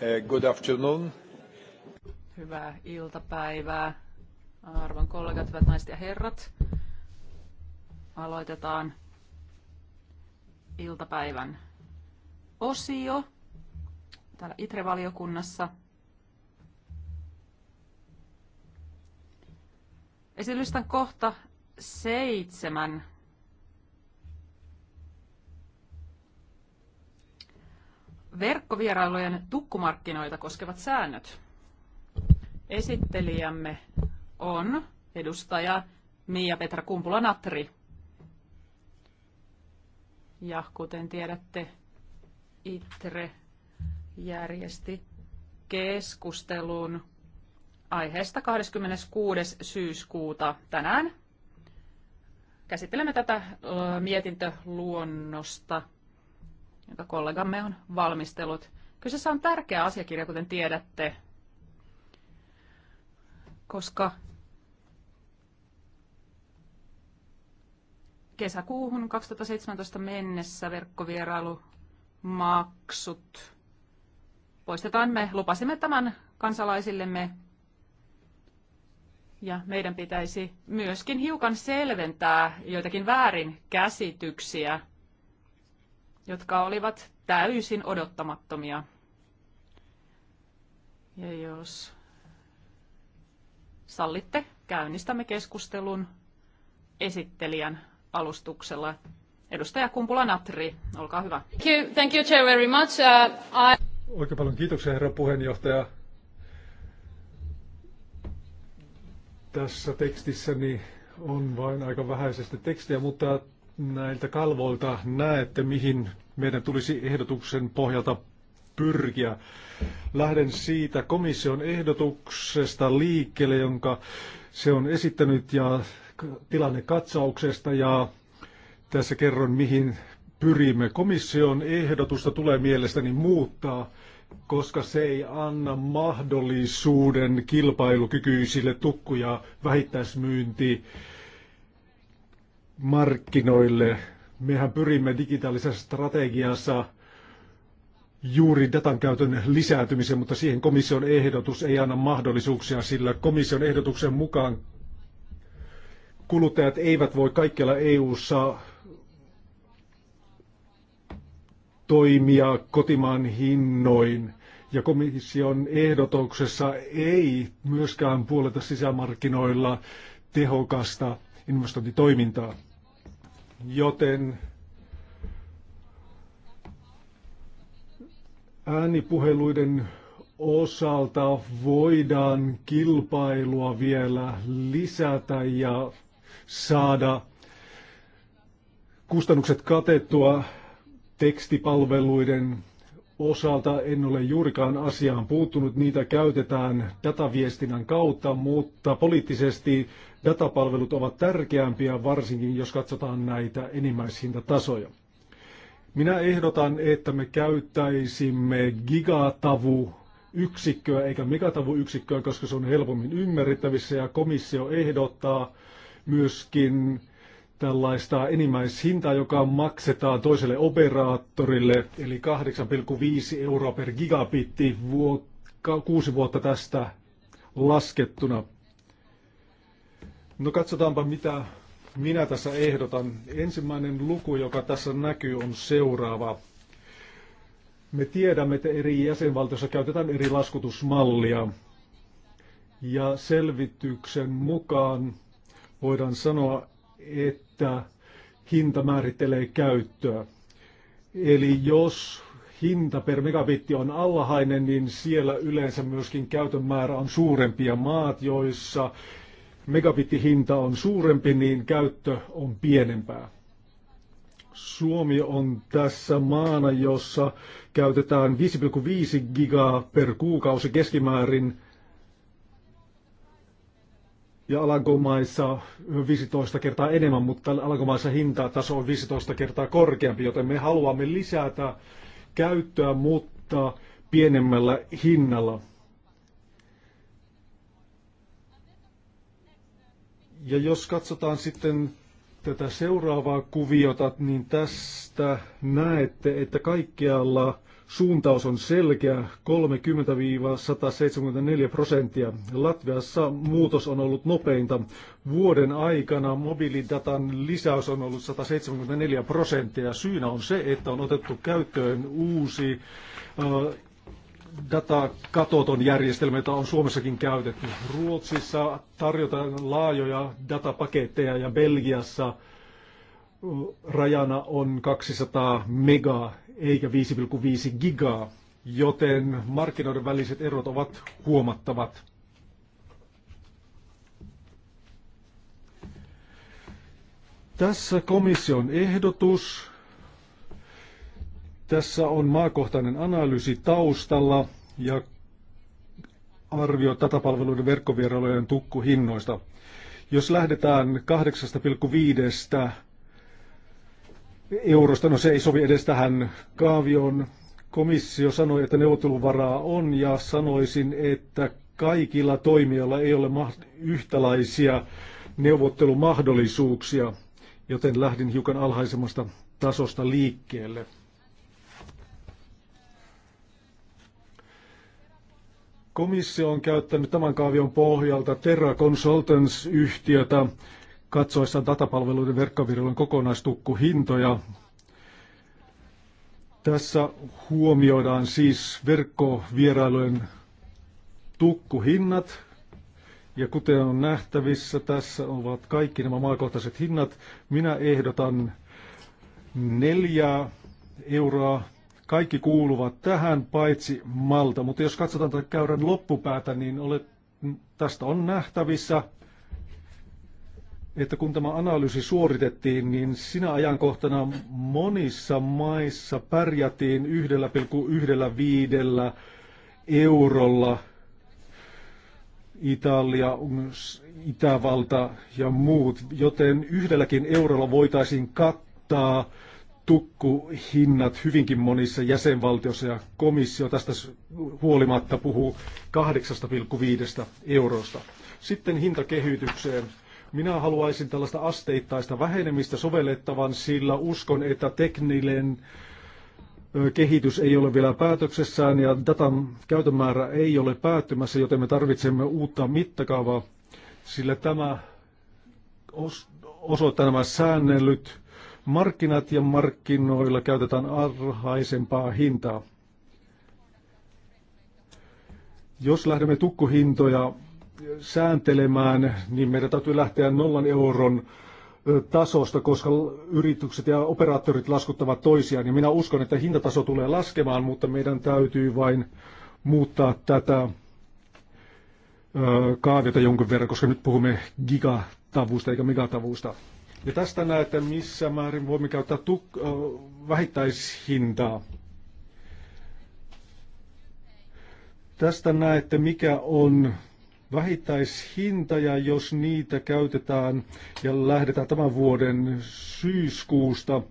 Eh, good afternoon. Hyvää iltapäivää, arvon kollegat, hyvät naiset ja herrat. Aloitetaan iltapäivän osio täällä ITRE-valiokunnassa. Esitystä kohta seitsemän verkkovierailujen tukkumarkkinoita koskevat säännöt. Esittelijämme on edustaja Mia Petra Kumpula-Natri. Ja kuten tiedätte, ITRE järjesti keskustelun aiheesta 26. syyskuuta tänään. Käsittelemme tätä mietintöluonnosta jonka kollegamme on valmistellut. Kyseessä on tärkeä asiakirja, kuten tiedätte, koska kesäkuuhun 2017 mennessä verkkovierailumaksut poistetaan. Me lupasimme tämän kansalaisillemme ja meidän pitäisi myöskin hiukan selventää joitakin väärinkäsityksiä jotka olivat täysin odottamattomia. Ja jos sallitte, käynnistämme keskustelun esittelijän alustuksella. Edustaja Kumpula-Natri, olkaa hyvä. Thank you, thank you Chair, very much. Uh, I... Oikein paljon kiitoksia, herra puheenjohtaja. Tässä tekstissäni niin on vain aika vähäisesti tekstiä, mutta näiltä kalvoilta näette, mihin meidän tulisi ehdotuksen pohjalta pyrkiä. Lähden siitä komission ehdotuksesta liikkeelle, jonka se on esittänyt ja tilannekatsauksesta ja tässä kerron, mihin pyrimme. Komission ehdotusta tulee mielestäni muuttaa, koska se ei anna mahdollisuuden kilpailukykyisille tukku- ja markkinoille. Mehän pyrimme digitaalisessa strategiassa juuri datan käytön lisääntymiseen, mutta siihen komission ehdotus ei anna mahdollisuuksia, sillä komission ehdotuksen mukaan kuluttajat eivät voi kaikkialla EU-ssa toimia kotimaan hinnoin. Ja komission ehdotuksessa ei myöskään puoleta sisämarkkinoilla tehokasta investointitoimintaa joten äänipuheluiden osalta voidaan kilpailua vielä lisätä ja saada kustannukset katettua tekstipalveluiden osalta. En ole juurikaan asiaan puuttunut, niitä käytetään dataviestinnän kautta, mutta poliittisesti datapalvelut ovat tärkeämpiä, varsinkin jos katsotaan näitä enimmäishintatasoja. Minä ehdotan, että me käyttäisimme gigatavu yksikköä eikä yksikköä, koska se on helpommin ymmärrettävissä ja komissio ehdottaa myöskin tällaista enimmäishintaa, joka maksetaan toiselle operaattorille, eli 8,5 euroa per gigabitti vuot, kuusi vuotta tästä laskettuna. No katsotaanpa, mitä minä tässä ehdotan. Ensimmäinen luku, joka tässä näkyy, on seuraava. Me tiedämme, että eri jäsenvaltioissa käytetään eri laskutusmallia. Ja selvityksen mukaan voidaan sanoa, että hinta määrittelee käyttöä. Eli jos hinta per megabitti on alhainen, niin siellä yleensä myöskin käytön määrä on suurempi. Ja maat, joissa megabittihinta on suurempi, niin käyttö on pienempää. Suomi on tässä maana, jossa käytetään 5,5 gigaa per kuukausi keskimäärin ja Alankomaissa 15 kertaa enemmän, mutta Alankomaissa hintataso on 15 kertaa korkeampi, joten me haluamme lisätä käyttöä, mutta pienemmällä hinnalla. Ja jos katsotaan sitten tätä seuraavaa kuviota, niin tästä näette, että kaikkialla suuntaus on selkeä, 30-174 prosenttia. Latviassa muutos on ollut nopeinta. Vuoden aikana mobiilidatan lisäys on ollut 174 prosenttia. Syynä on se, että on otettu käyttöön uusi äh, datakatoton järjestelmä, jota on Suomessakin käytetty. Ruotsissa tarjotaan laajoja datapaketteja ja Belgiassa rajana on 200 megaa eikä 5,5 gigaa, joten markkinoiden väliset erot ovat huomattavat. Tässä komission ehdotus tässä on maakohtainen analyysi taustalla ja arvio datapalveluiden verkkovierailujen tukkuhinnoista. Jos lähdetään 8,5 eurosta, no se ei sovi edes tähän kaavioon. Komissio sanoi, että neuvotteluvaraa on ja sanoisin, että kaikilla toimijoilla ei ole yhtälaisia neuvottelumahdollisuuksia, joten lähdin hiukan alhaisemmasta tasosta liikkeelle. Komissio on käyttänyt tämän kaavion pohjalta Terra Consultants-yhtiötä katsoessaan datapalveluiden verkkovirjelyn kokonaistukkuhintoja. Tässä huomioidaan siis verkkovierailujen tukkuhinnat, ja kuten on nähtävissä, tässä ovat kaikki nämä maakohtaiset hinnat. Minä ehdotan neljää euroa kaikki kuuluvat tähän, paitsi Malta. Mutta jos katsotaan tätä käyrän loppupäätä, niin olet, tästä on nähtävissä, että kun tämä analyysi suoritettiin, niin sinä ajankohtana monissa maissa pärjätiin 1,15 eurolla. Italia, Itävalta ja muut, joten yhdelläkin eurolla voitaisiin kattaa tukkuhinnat hyvinkin monissa jäsenvaltioissa ja komissio tästä huolimatta puhuu 8,5 eurosta. Sitten hintakehitykseen. Minä haluaisin tällaista asteittaista vähenemistä sovellettavan, sillä uskon, että tekninen kehitys ei ole vielä päätöksessään ja datan käytömäärä ei ole päättymässä, joten me tarvitsemme uutta mittakaavaa, sillä tämä osoittaa nämä säännellyt markkinat ja markkinoilla käytetään arhaisempaa hintaa. Jos lähdemme tukkuhintoja sääntelemään, niin meidän täytyy lähteä nollan euron tasosta, koska yritykset ja operaattorit laskuttavat toisiaan. Ja minä uskon, että hintataso tulee laskemaan, mutta meidän täytyy vain muuttaa tätä kaaviota jonkun verran, koska nyt puhumme gigatavuista eikä megatavuista. Ja tästä näette, missä määrin voimme käyttää tuk- vähittäishintaa. Tästä näette, mikä on vähittäishinta ja jos niitä käytetään ja lähdetään tämän vuoden syyskuusta,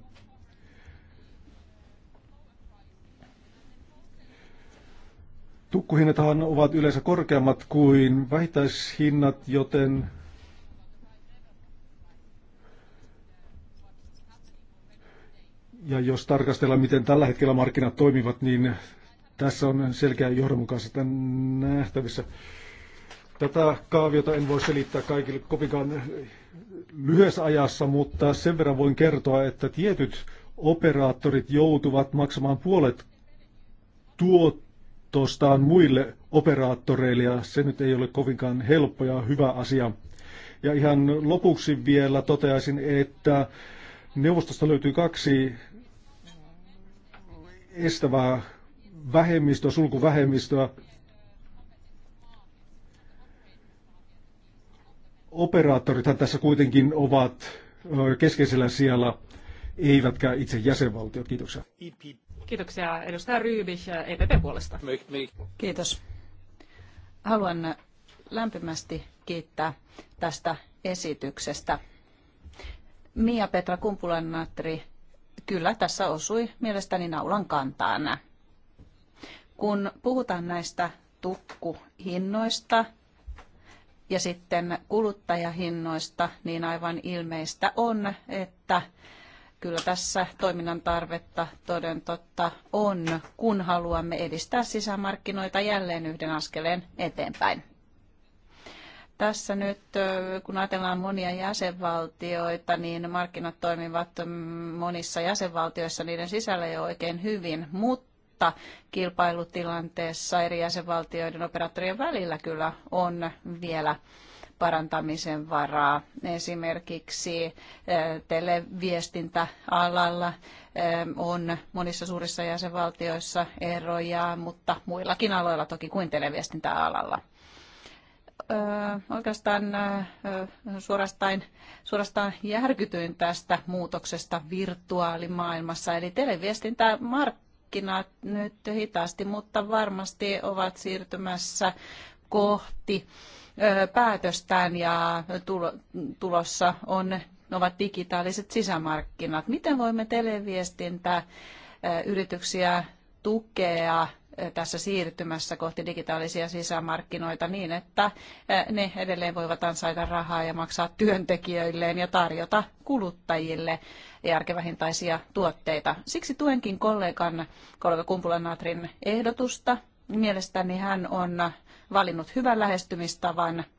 Tukkuhinnathan ovat yleensä korkeammat kuin vähittäishinnat, joten Ja jos tarkastellaan, miten tällä hetkellä markkinat toimivat, niin tässä on selkeä johdonmukaisuutta nähtävissä. Tätä kaaviota en voi selittää kaikille kovinkaan lyhyessä ajassa, mutta sen verran voin kertoa, että tietyt operaattorit joutuvat maksamaan puolet tuottostaan muille operaattoreille, ja se nyt ei ole kovinkaan helppo ja hyvä asia. Ja ihan lopuksi vielä toteaisin, että neuvostosta löytyy kaksi estävää vähemmistöä, sulkuvähemmistöä, operaattorithan tässä kuitenkin ovat keskeisellä siellä eivätkä itse jäsenvaltio. Kiitoksia. Kiitoksia edustaja Ryybi EPP puolesta. Kiitos. Haluan lämpimästi kiittää tästä esityksestä. Mia Petra Kumpulanatri, kyllä tässä osui mielestäni naulan kantaan. Kun puhutaan näistä tukkuhinnoista ja sitten kuluttajahinnoista, niin aivan ilmeistä on, että kyllä tässä toiminnan tarvetta toden totta on, kun haluamme edistää sisämarkkinoita jälleen yhden askeleen eteenpäin tässä nyt, kun ajatellaan monia jäsenvaltioita, niin markkinat toimivat monissa jäsenvaltioissa niiden sisällä jo oikein hyvin, mutta kilpailutilanteessa eri jäsenvaltioiden operaattorien välillä kyllä on vielä parantamisen varaa. Esimerkiksi televiestintäalalla on monissa suurissa jäsenvaltioissa eroja, mutta muillakin aloilla toki kuin televiestintäalalla oikeastaan suorastaan, suorastaan järkytyin tästä muutoksesta virtuaalimaailmassa. Eli televiestintämarkkinat nyt hitaasti, mutta varmasti ovat siirtymässä kohti päätöstään ja tulossa on, ovat digitaaliset sisämarkkinat. Miten voimme televiestintää yrityksiä tukea tässä siirtymässä kohti digitaalisia sisämarkkinoita niin, että ne edelleen voivat ansaita rahaa ja maksaa työntekijöilleen ja tarjota kuluttajille järkevähintaisia tuotteita. Siksi tuenkin kollegan, kollega Kumpula-Natrin ehdotusta. Mielestäni hän on valinnut hyvän lähestymistavan –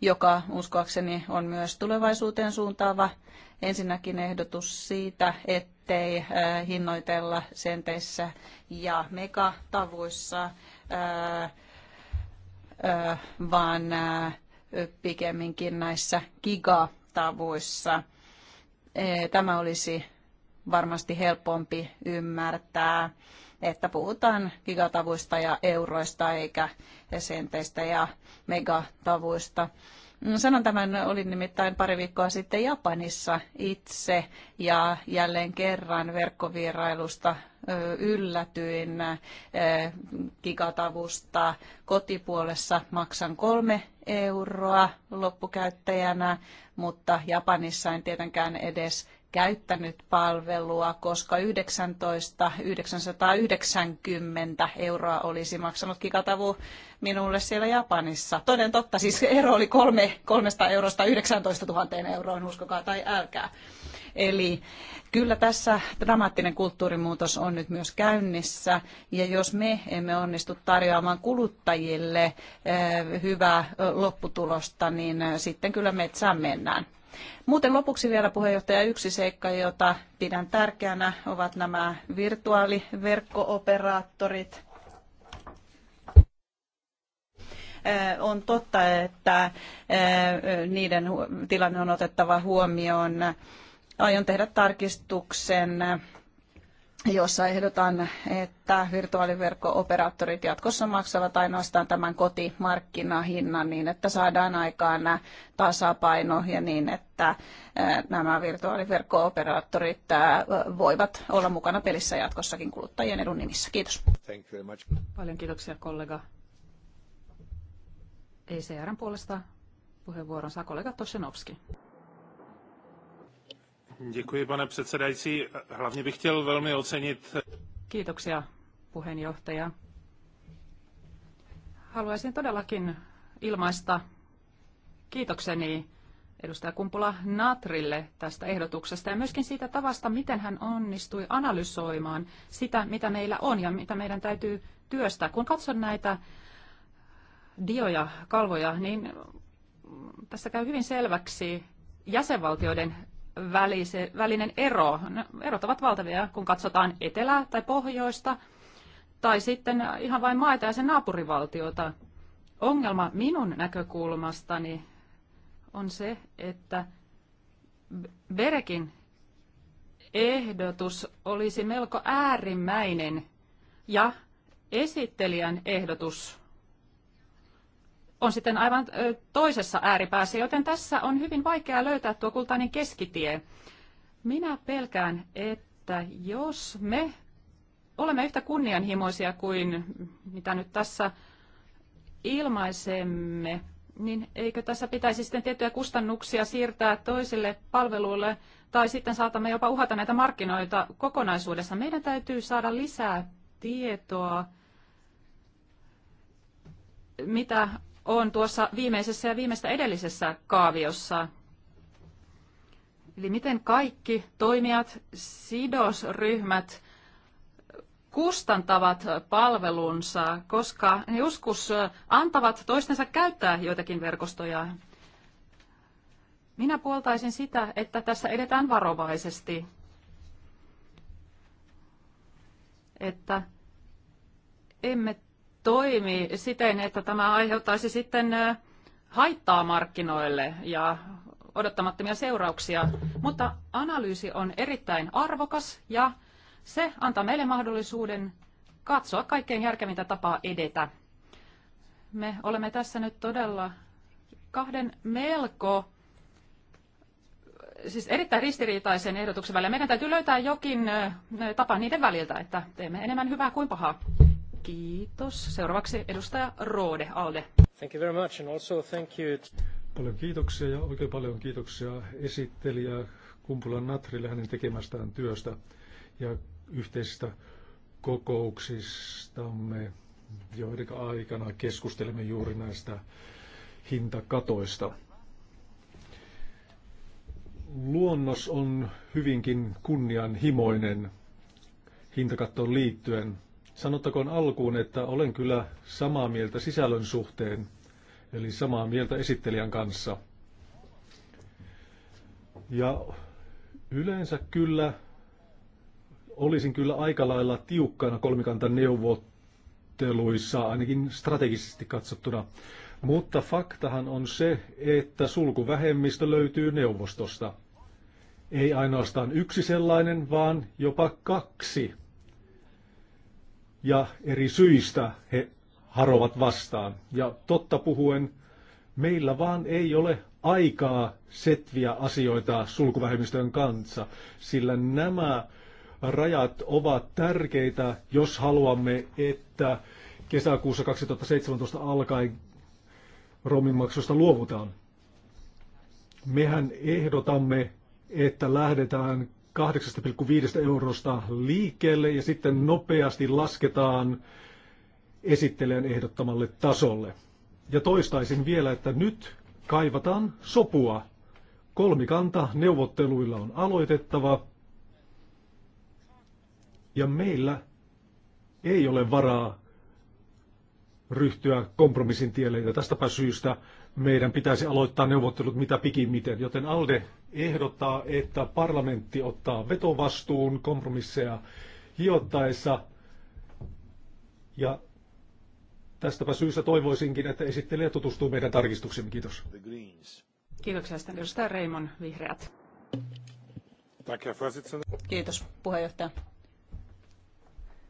joka uskoakseni on myös tulevaisuuteen suuntaava. Ensinnäkin ehdotus siitä, ettei äh, hinnoitella senteissä ja megatavuissa, äh, äh, vaan pikemminkin näissä gigatavuissa. Tämä olisi varmasti helpompi ymmärtää että puhutaan gigatavuista ja euroista eikä senteistä ja megatavuista. Sanon tämän, olin nimittäin pari viikkoa sitten Japanissa itse ja jälleen kerran verkkovierailusta yllätyin gigatavusta. Kotipuolessa maksan kolme euroa loppukäyttäjänä, mutta Japanissa en tietenkään edes käyttänyt palvelua, koska 19 euroa olisi maksanut kikatavu minulle siellä Japanissa. Toden totta, siis ero oli kolme, kolmesta eurosta 19 000 euroon, uskokaa tai älkää. Eli kyllä tässä dramaattinen kulttuurimuutos on nyt myös käynnissä, ja jos me emme onnistu tarjoamaan kuluttajille eh, hyvää eh, lopputulosta, niin eh, sitten kyllä metsään mennään. Muuten lopuksi vielä puheenjohtaja yksi seikka, jota pidän tärkeänä, ovat nämä virtuaaliverkkooperaattorit. On totta, että niiden tilanne on otettava huomioon. Aion tehdä tarkistuksen jossa ehdotan, että virtuaaliverkko-operaattorit jatkossa maksavat ainoastaan tämän kotimarkkinahinnan niin, että saadaan aikaan tasapaino ja niin, että nämä virtuaaliverkko-operaattorit voivat olla mukana pelissä jatkossakin kuluttajien edun nimissä. Kiitos. Paljon kiitoksia kollega ECRn puolesta. Puheenvuoron saa kollega Toshenovski pane předsedající. Hlavně bych chtěl velmi ocenit... Kiitoksia, puheenjohtaja. Haluaisin todellakin ilmaista kiitokseni edustaja Kumpula Natrille tästä ehdotuksesta ja myöskin siitä tavasta, miten hän onnistui analysoimaan sitä, mitä meillä on ja mitä meidän täytyy työstää. Kun katson näitä dioja, kalvoja, niin tässä käy hyvin selväksi jäsenvaltioiden välise, välinen ero. Ne erot ovat valtavia, kun katsotaan etelää tai pohjoista, tai sitten ihan vain maita ja sen naapurivaltiota. Ongelma minun näkökulmastani on se, että Berekin ehdotus olisi melko äärimmäinen ja esittelijän ehdotus on sitten aivan toisessa ääripäässä, joten tässä on hyvin vaikea löytää tuo kultainen keskitie. Minä pelkään, että jos me olemme yhtä kunnianhimoisia kuin mitä nyt tässä ilmaisemme, niin eikö tässä pitäisi sitten tiettyjä kustannuksia siirtää toisille palveluille, tai sitten saatamme jopa uhata näitä markkinoita kokonaisuudessa. Meidän täytyy saada lisää tietoa, mitä on tuossa viimeisessä ja viimeistä edellisessä kaaviossa. Eli miten kaikki toimijat, sidosryhmät kustantavat palvelunsa, koska ne joskus antavat toistensa käyttää joitakin verkostoja. Minä puoltaisin sitä, että tässä edetään varovaisesti. Että emme toimi siten, että tämä aiheuttaisi sitten haittaa markkinoille ja odottamattomia seurauksia, mutta analyysi on erittäin arvokas ja se antaa meille mahdollisuuden katsoa kaikkein järkevintä tapaa edetä. Me olemme tässä nyt todella kahden melko siis erittäin ristiriitaisen ehdotuksen välillä. Meidän täytyy löytää jokin tapa niiden väliltä, että teemme enemmän hyvää kuin pahaa. Kiitos. Seuraavaksi edustaja Roode Alde. Thank you very much and also thank you. Paljon kiitoksia ja oikein paljon kiitoksia esittelijä Kumpulan Natrille hänen tekemästään työstä ja yhteisistä kokouksistamme, joiden aikana keskustelemme juuri näistä hintakatoista. Luonnos on hyvinkin kunnianhimoinen hintakattoon liittyen – Sanottakoon alkuun, että olen kyllä samaa mieltä sisällön suhteen, eli samaa mieltä esittelijän kanssa. Ja yleensä kyllä olisin kyllä aika lailla tiukkana neuvotteluissa, ainakin strategisesti katsottuna. Mutta faktahan on se, että sulkuvähemmistö löytyy neuvostosta. Ei ainoastaan yksi sellainen, vaan jopa kaksi ja eri syistä he harovat vastaan. Ja totta puhuen, meillä vaan ei ole aikaa setviä asioita sulkuvähemmistön kanssa, sillä nämä rajat ovat tärkeitä, jos haluamme, että kesäkuussa 2017 alkaen romimaksusta luovutaan. Mehän ehdotamme, että lähdetään 8,5 eurosta liikkeelle ja sitten nopeasti lasketaan esittelijän ehdottamalle tasolle. Ja toistaisin vielä, että nyt kaivataan sopua. Kolmikanta neuvotteluilla on aloitettava ja meillä ei ole varaa ryhtyä kompromissin tielle. Ja tästäpä syystä meidän pitäisi aloittaa neuvottelut mitä pikimmiten. joten ALDE ehdottaa, että parlamentti ottaa vetovastuun kompromisseja hiottaessa. Ja tästäpä syystä toivoisinkin, että esittelijä tutustuu meidän tarkistuksiin. Kiitos. Kiitoksia sitten edustaja Reimon Vihreät. Kiitos puheenjohtaja.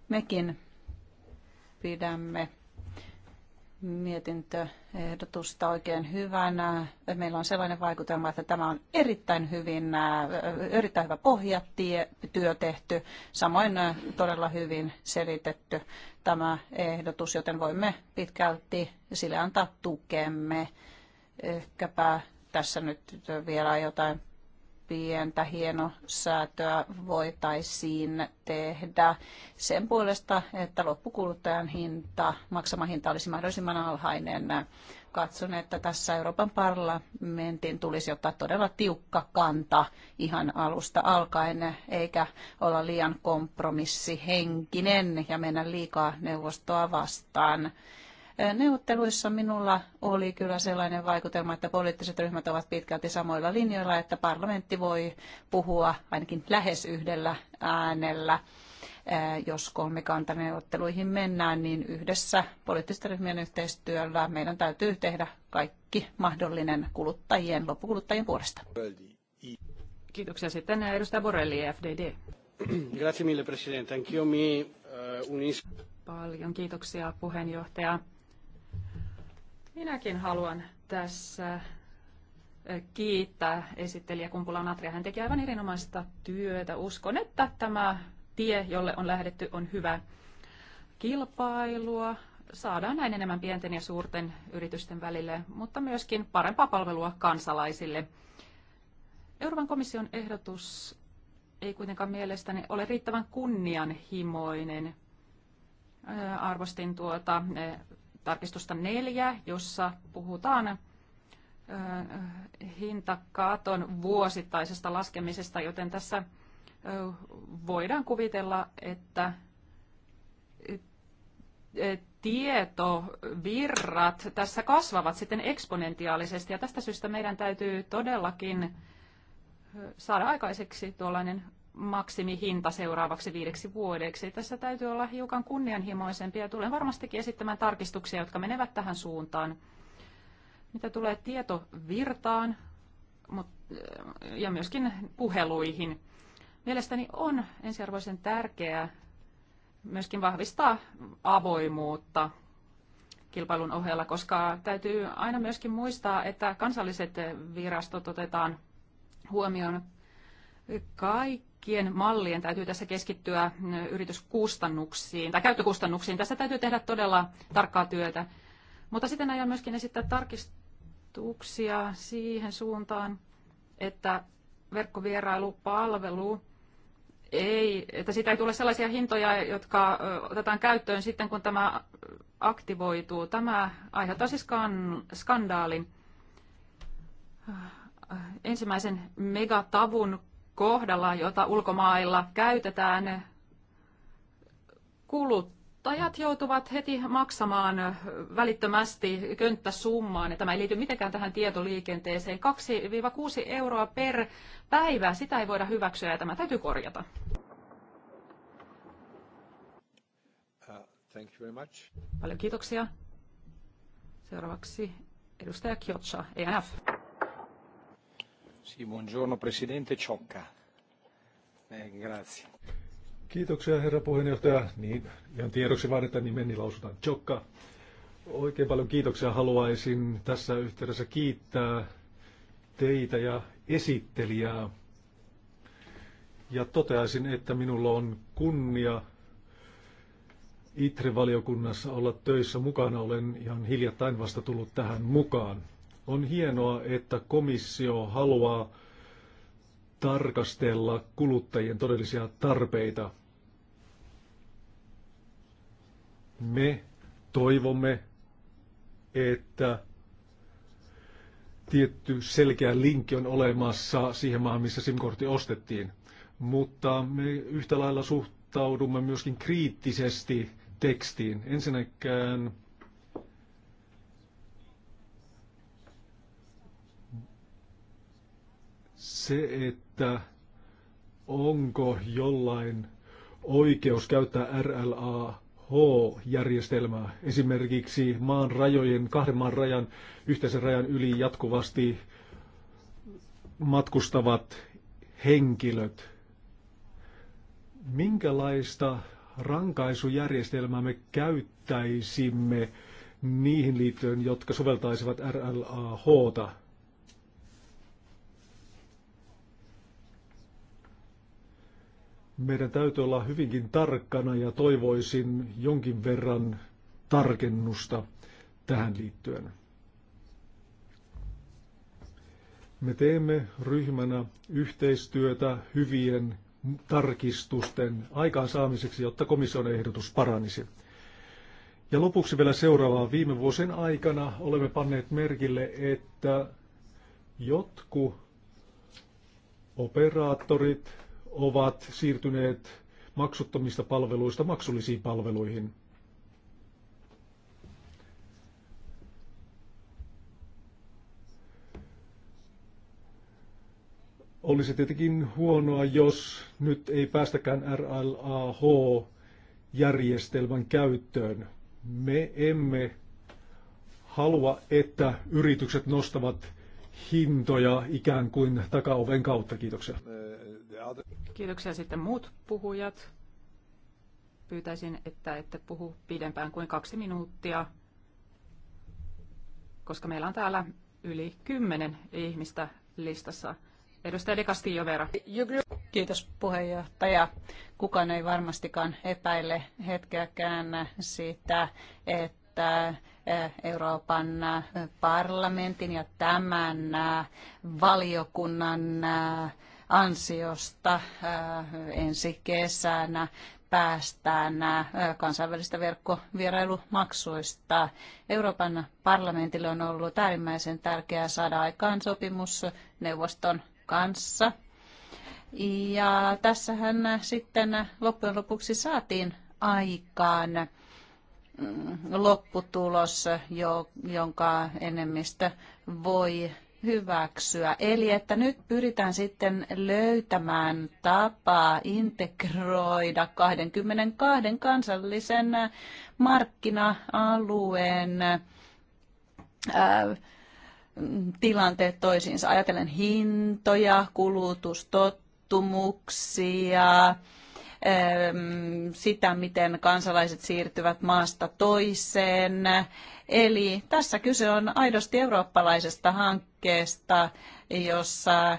Mekin pidämme mietintöehdotusta oikein hyvänä. Meillä on sellainen vaikutelma, että tämä on erittäin, hyvin, äh, erittäin hyvä pohjatyö tehty, samoin äh, todella hyvin selitetty tämä ehdotus, joten voimme pitkälti sille antaa tukemme. Ehkäpä tässä nyt vielä jotain pientä hienosäätöä voitaisiin tehdä sen puolesta, että loppukuluttajan hinta, maksama hinta olisi mahdollisimman alhainen. Katson, että tässä Euroopan parlamentin tulisi ottaa todella tiukka kanta ihan alusta alkaen, eikä olla liian kompromissihenkinen ja mennä liikaa neuvostoa vastaan neuvotteluissa minulla oli kyllä sellainen vaikutelma, että poliittiset ryhmät ovat pitkälti samoilla linjoilla, että parlamentti voi puhua ainakin lähes yhdellä äänellä. Äh, jos kolmikantaneuvotteluihin mennään, niin yhdessä poliittisten ryhmien yhteistyöllä meidän täytyy tehdä kaikki mahdollinen kuluttajien, loppukuluttajien puolesta. Kiitoksia sitten äh, edustaja Borelli FDD. Grazie mille, Presidente. Anch'io mi eh, unis... Paljon kiitoksia puheenjohtaja. Minäkin haluan tässä äh, kiittää esittelijä Kumpula Natria. Hän teki aivan erinomaista työtä. Uskon, että tämä tie, jolle on lähdetty, on hyvä kilpailua. Saadaan näin enemmän pienten ja suurten yritysten välille, mutta myöskin parempaa palvelua kansalaisille. Euroopan komission ehdotus ei kuitenkaan mielestäni ole riittävän kunnianhimoinen. Äh, arvostin tuota äh, tarkistusta neljä, jossa puhutaan hintakaaton vuosittaisesta laskemisesta, joten tässä voidaan kuvitella, että tietovirrat tässä kasvavat sitten eksponentiaalisesti ja tästä syystä meidän täytyy todellakin saada aikaiseksi tuollainen maksimihinta seuraavaksi viideksi vuodeksi. Tässä täytyy olla hiukan ja Tulen varmastikin esittämään tarkistuksia, jotka menevät tähän suuntaan. Mitä tulee tietovirtaan ja myöskin puheluihin. Mielestäni on ensiarvoisen tärkeää myöskin vahvistaa avoimuutta kilpailun ohella, koska täytyy aina myöskin muistaa, että kansalliset virastot otetaan huomioon kaikki kaikkien mallien täytyy tässä keskittyä mm, yrityskustannuksiin tai käyttökustannuksiin. Tässä täytyy tehdä todella tarkkaa työtä. Mutta sitten aion myöskin esittää tarkistuksia siihen suuntaan, että verkkovierailupalvelu ei, että siitä ei tule sellaisia hintoja, jotka otetaan käyttöön sitten, kun tämä aktivoituu. Tämä aiheuttaa siis skandaalin ensimmäisen megatavun kohdalla, jota ulkomailla käytetään, kuluttajat joutuvat heti maksamaan välittömästi könttäsummaan. Tämä ei liity mitenkään tähän tietoliikenteeseen. 2-6 euroa per päivä, sitä ei voida hyväksyä ja tämä täytyy korjata. Uh, thank you very much. Paljon kiitoksia. Seuraavaksi edustaja Kiotsa, ENF buongiorno presidente Ciocca. Eh, grazie. Kiitoksia herra puheenjohtaja. Niin, ihan tiedoksi vaan, että nimeni lausutaan Chokka. Oikein paljon kiitoksia haluaisin tässä yhteydessä kiittää teitä ja esittelijää. Ja toteaisin, että minulla on kunnia ITRE-valiokunnassa olla töissä mukana. Olen ihan hiljattain vasta tullut tähän mukaan. On hienoa, että komissio haluaa tarkastella kuluttajien todellisia tarpeita. Me toivomme, että tietty selkeä linkki on olemassa siihen maahan, missä SIM-kortti ostettiin. Mutta me yhtä lailla suhtaudumme myöskin kriittisesti tekstiin. Ensinnäkään se, että onko jollain oikeus käyttää rlah järjestelmää Esimerkiksi maan rajojen, kahden maan rajan, yhteisen rajan yli jatkuvasti matkustavat henkilöt. Minkälaista rankaisujärjestelmää me käyttäisimme niihin liittyen, jotka soveltaisivat RLAH? -ta? Meidän täytyy olla hyvinkin tarkkana ja toivoisin jonkin verran tarkennusta tähän liittyen. Me teemme ryhmänä yhteistyötä hyvien tarkistusten aikaansaamiseksi, jotta komission ehdotus paranisi. Ja lopuksi vielä seuraavaa. Viime vuosien aikana olemme panneet merkille, että jotkut operaattorit ovat siirtyneet maksuttomista palveluista maksullisiin palveluihin. Olisi tietenkin huonoa, jos nyt ei päästäkään RLAH-järjestelmän käyttöön. Me emme halua, että yritykset nostavat hintoja ikään kuin takaoven kautta. Kiitoksia. Kiitoksia sitten muut puhujat. Pyytäisin, että ette puhu pidempään kuin kaksi minuuttia, koska meillä on täällä yli kymmenen ihmistä listassa. Edustaja De Castillo Vera. Kiitos puheenjohtaja. Kukaan ei varmastikaan epäile hetkeäkään sitä, että Euroopan eh, parlamentin ja tämän eh, valiokunnan eh, ansiosta ensi kesänä päästään kansainvälistä verkkovierailumaksuista. Euroopan parlamentille on ollut äärimmäisen tärkeää saada aikaan sopimus neuvoston kanssa. Ja tässähän sitten loppujen lopuksi saatiin aikaan lopputulos, jonka enemmistö voi hyväksyä. Eli että nyt pyritään sitten löytämään tapaa integroida 22 kansallisen markkina-alueen äh, tilanteet toisiinsa. Ajatellen hintoja, kulutustottumuksia, sitä, miten kansalaiset siirtyvät maasta toiseen. Eli tässä kyse on aidosti eurooppalaisesta hankkeesta hankkeesta, jossa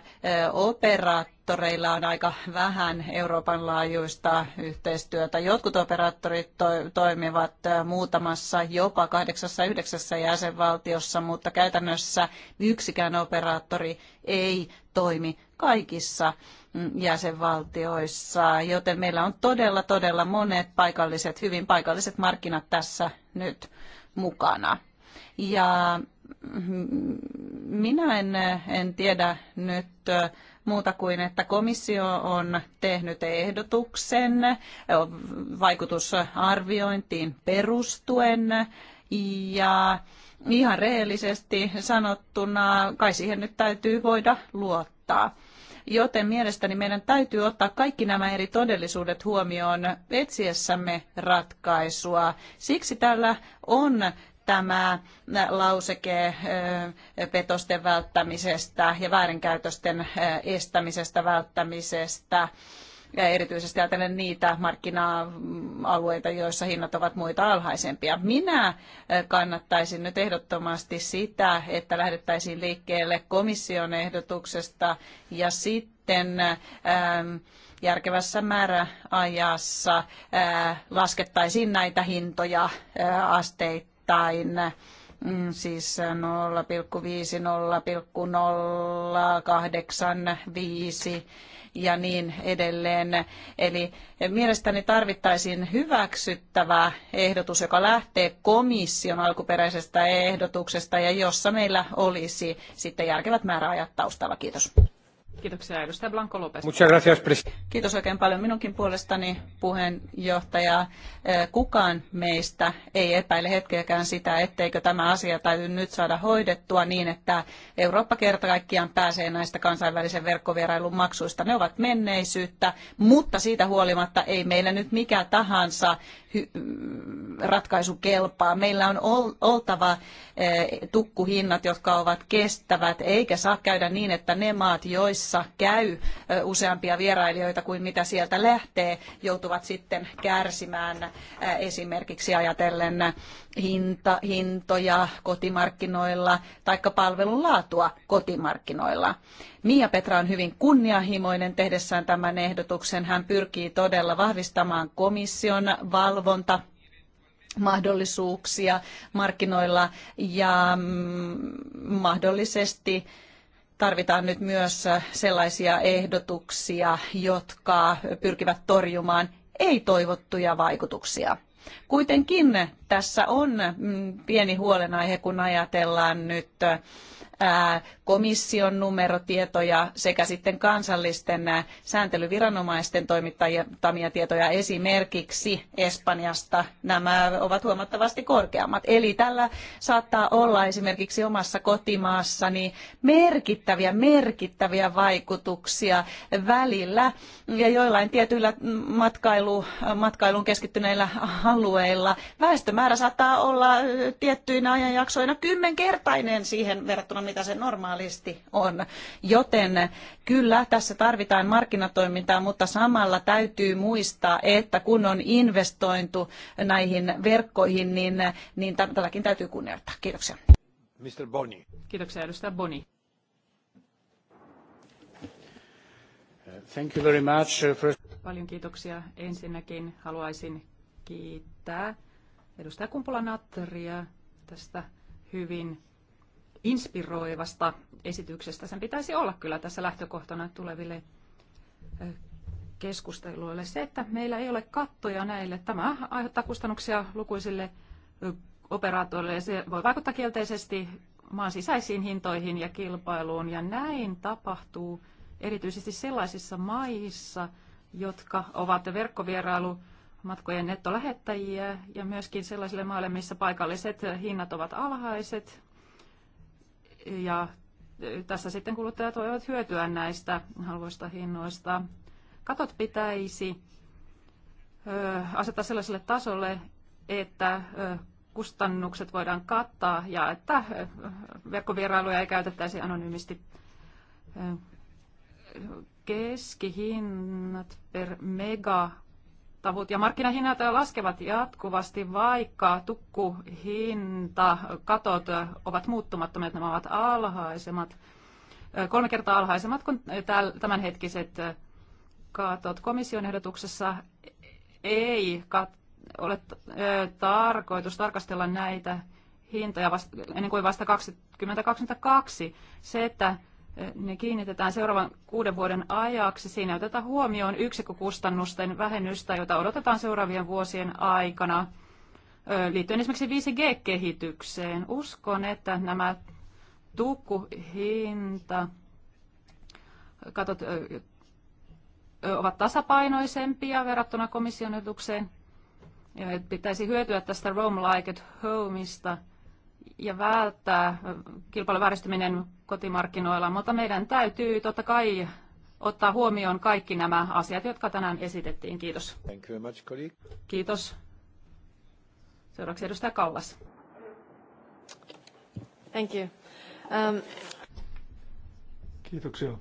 operaattoreilla on aika vähän Euroopan laajuista yhteistyötä. Jotkut operaattorit toimivat muutamassa, jopa kahdeksassa yhdeksässä jäsenvaltiossa, mutta käytännössä yksikään operaattori ei toimi kaikissa mm, jäsenvaltioissa, joten meillä on todella, todella monet paikalliset, hyvin paikalliset markkinat tässä nyt mukana. Ja minä en, en tiedä nyt muuta kuin, että komissio on tehnyt ehdotuksen vaikutusarviointiin perustuen ja ihan rehellisesti sanottuna kai siihen nyt täytyy voida luottaa. Joten mielestäni meidän täytyy ottaa kaikki nämä eri todellisuudet huomioon etsiessämme ratkaisua. Siksi täällä on tämä lauseke petosten välttämisestä ja väärinkäytösten estämisestä välttämisestä ja erityisesti ajatellen niitä markkina-alueita, joissa hinnat ovat muita alhaisempia. Minä kannattaisin nyt ehdottomasti sitä, että lähdettäisiin liikkeelle komission ehdotuksesta ja sitten järkevässä määräajassa laskettaisiin näitä hintoja asteittain vuosittain, mm, siis 0,5, 0,085 ja niin edelleen. Eli mielestäni tarvittaisiin hyväksyttävä ehdotus, joka lähtee komission alkuperäisestä ehdotuksesta ja jossa meillä olisi sitten järkevät määräajat taustalla. Kiitos. Kiitoksia edustaja Blanco Lopes. Kiitos oikein paljon minunkin puolestani puheenjohtaja. Kukaan meistä ei epäile hetkeäkään sitä, etteikö tämä asia täytyy nyt saada hoidettua niin, että Eurooppa kerta kaikkiaan pääsee näistä kansainvälisen verkkovierailun maksuista. Ne ovat menneisyyttä, mutta siitä huolimatta ei meillä nyt mikä tahansa ratkaisu kelpaa. Meillä on oltava tukkuhinnat, jotka ovat kestävät, eikä saa käydä niin, että ne maat, joissa maissa käy useampia vierailijoita kuin mitä sieltä lähtee, joutuvat sitten kärsimään esimerkiksi ajatellen hinta, hintoja kotimarkkinoilla tai palvelun laatua kotimarkkinoilla. Mia Petra on hyvin kunnianhimoinen tehdessään tämän ehdotuksen. Hän pyrkii todella vahvistamaan komission valvonta mahdollisuuksia markkinoilla ja mm, mahdollisesti tarvitaan nyt myös äh, sellaisia ehdotuksia, jotka pyrkivät torjumaan ei-toivottuja vaikutuksia. Kuitenkin tässä on mm, pieni huolenaihe, kun ajatellaan nyt äh, komission numerotietoja sekä sitten kansallisten sääntelyviranomaisten toimittamia tietoja esimerkiksi Espanjasta. Nämä ovat huomattavasti korkeammat. Eli tällä saattaa olla esimerkiksi omassa kotimaassani merkittäviä, merkittäviä vaikutuksia välillä ja joillain tietyillä matkailu, matkailuun keskittyneillä alueilla väestömäärä saattaa olla tiettyinä ajanjaksoina kymmenkertainen siihen verrattuna, mitä se normaalisti on. Joten kyllä tässä tarvitaan markkinatoimintaa, mutta samalla täytyy muistaa, että kun on investointu näihin verkkoihin, niin, niin tätäkin täytyy kunnioittaa. Kiitoksia. Mr. Boni. Kiitoksia, edustaja Boni. Thank you very much. First... Paljon kiitoksia. Ensinnäkin haluaisin kiittää edustaja Kumpula-Natria tästä hyvin inspiroivasta esityksestä. Sen pitäisi olla kyllä tässä lähtökohtana tuleville keskusteluille. Se, että meillä ei ole kattoja näille, tämä aiheuttaa kustannuksia lukuisille operaattoreille ja se voi vaikuttaa kielteisesti maan sisäisiin hintoihin ja kilpailuun. Ja näin tapahtuu erityisesti sellaisissa maissa, jotka ovat verkkovierailu matkojen nettolähettäjiä ja myöskin sellaisille maille, missä paikalliset hinnat ovat alhaiset ja tässä sitten kuluttajat voivat hyötyä näistä halvoista hinnoista. Katot pitäisi asettaa sellaiselle tasolle, että kustannukset voidaan kattaa ja että verkkovierailuja ei käytettäisi anonyymisti. Keskihinnat per mega kannattavuut ja markkinahinnat laskevat jatkuvasti, vaikka tukkuhinta, katot ovat muuttumattomat, nämä ovat alhaisemmat, kolme kertaa alhaisemmat kuin tämänhetkiset katot. Komission ehdotuksessa ei ole tarkoitus tarkastella näitä hintoja vasta, ennen kuin vasta 2022. Se, että ne kiinnitetään seuraavan kuuden vuoden ajaksi. Siinä otetaan huomioon yksikkökustannusten vähennystä, jota odotetaan seuraavien vuosien aikana liittyen esimerkiksi 5G-kehitykseen. Uskon, että nämä tukkuhinta katot, ovat tasapainoisempia verrattuna komission edukseen. Pitäisi hyötyä tästä Roam Like at Homeista – ja välttää kilpailun vääristyminen kotimarkkinoilla, mutta meidän täytyy totta kai ottaa huomioon kaikki nämä asiat, jotka tänään esitettiin. Kiitos. Thank you much, Kiitos. Seuraavaksi edustaja Kallas. Thank you. Um... Kiitoksia.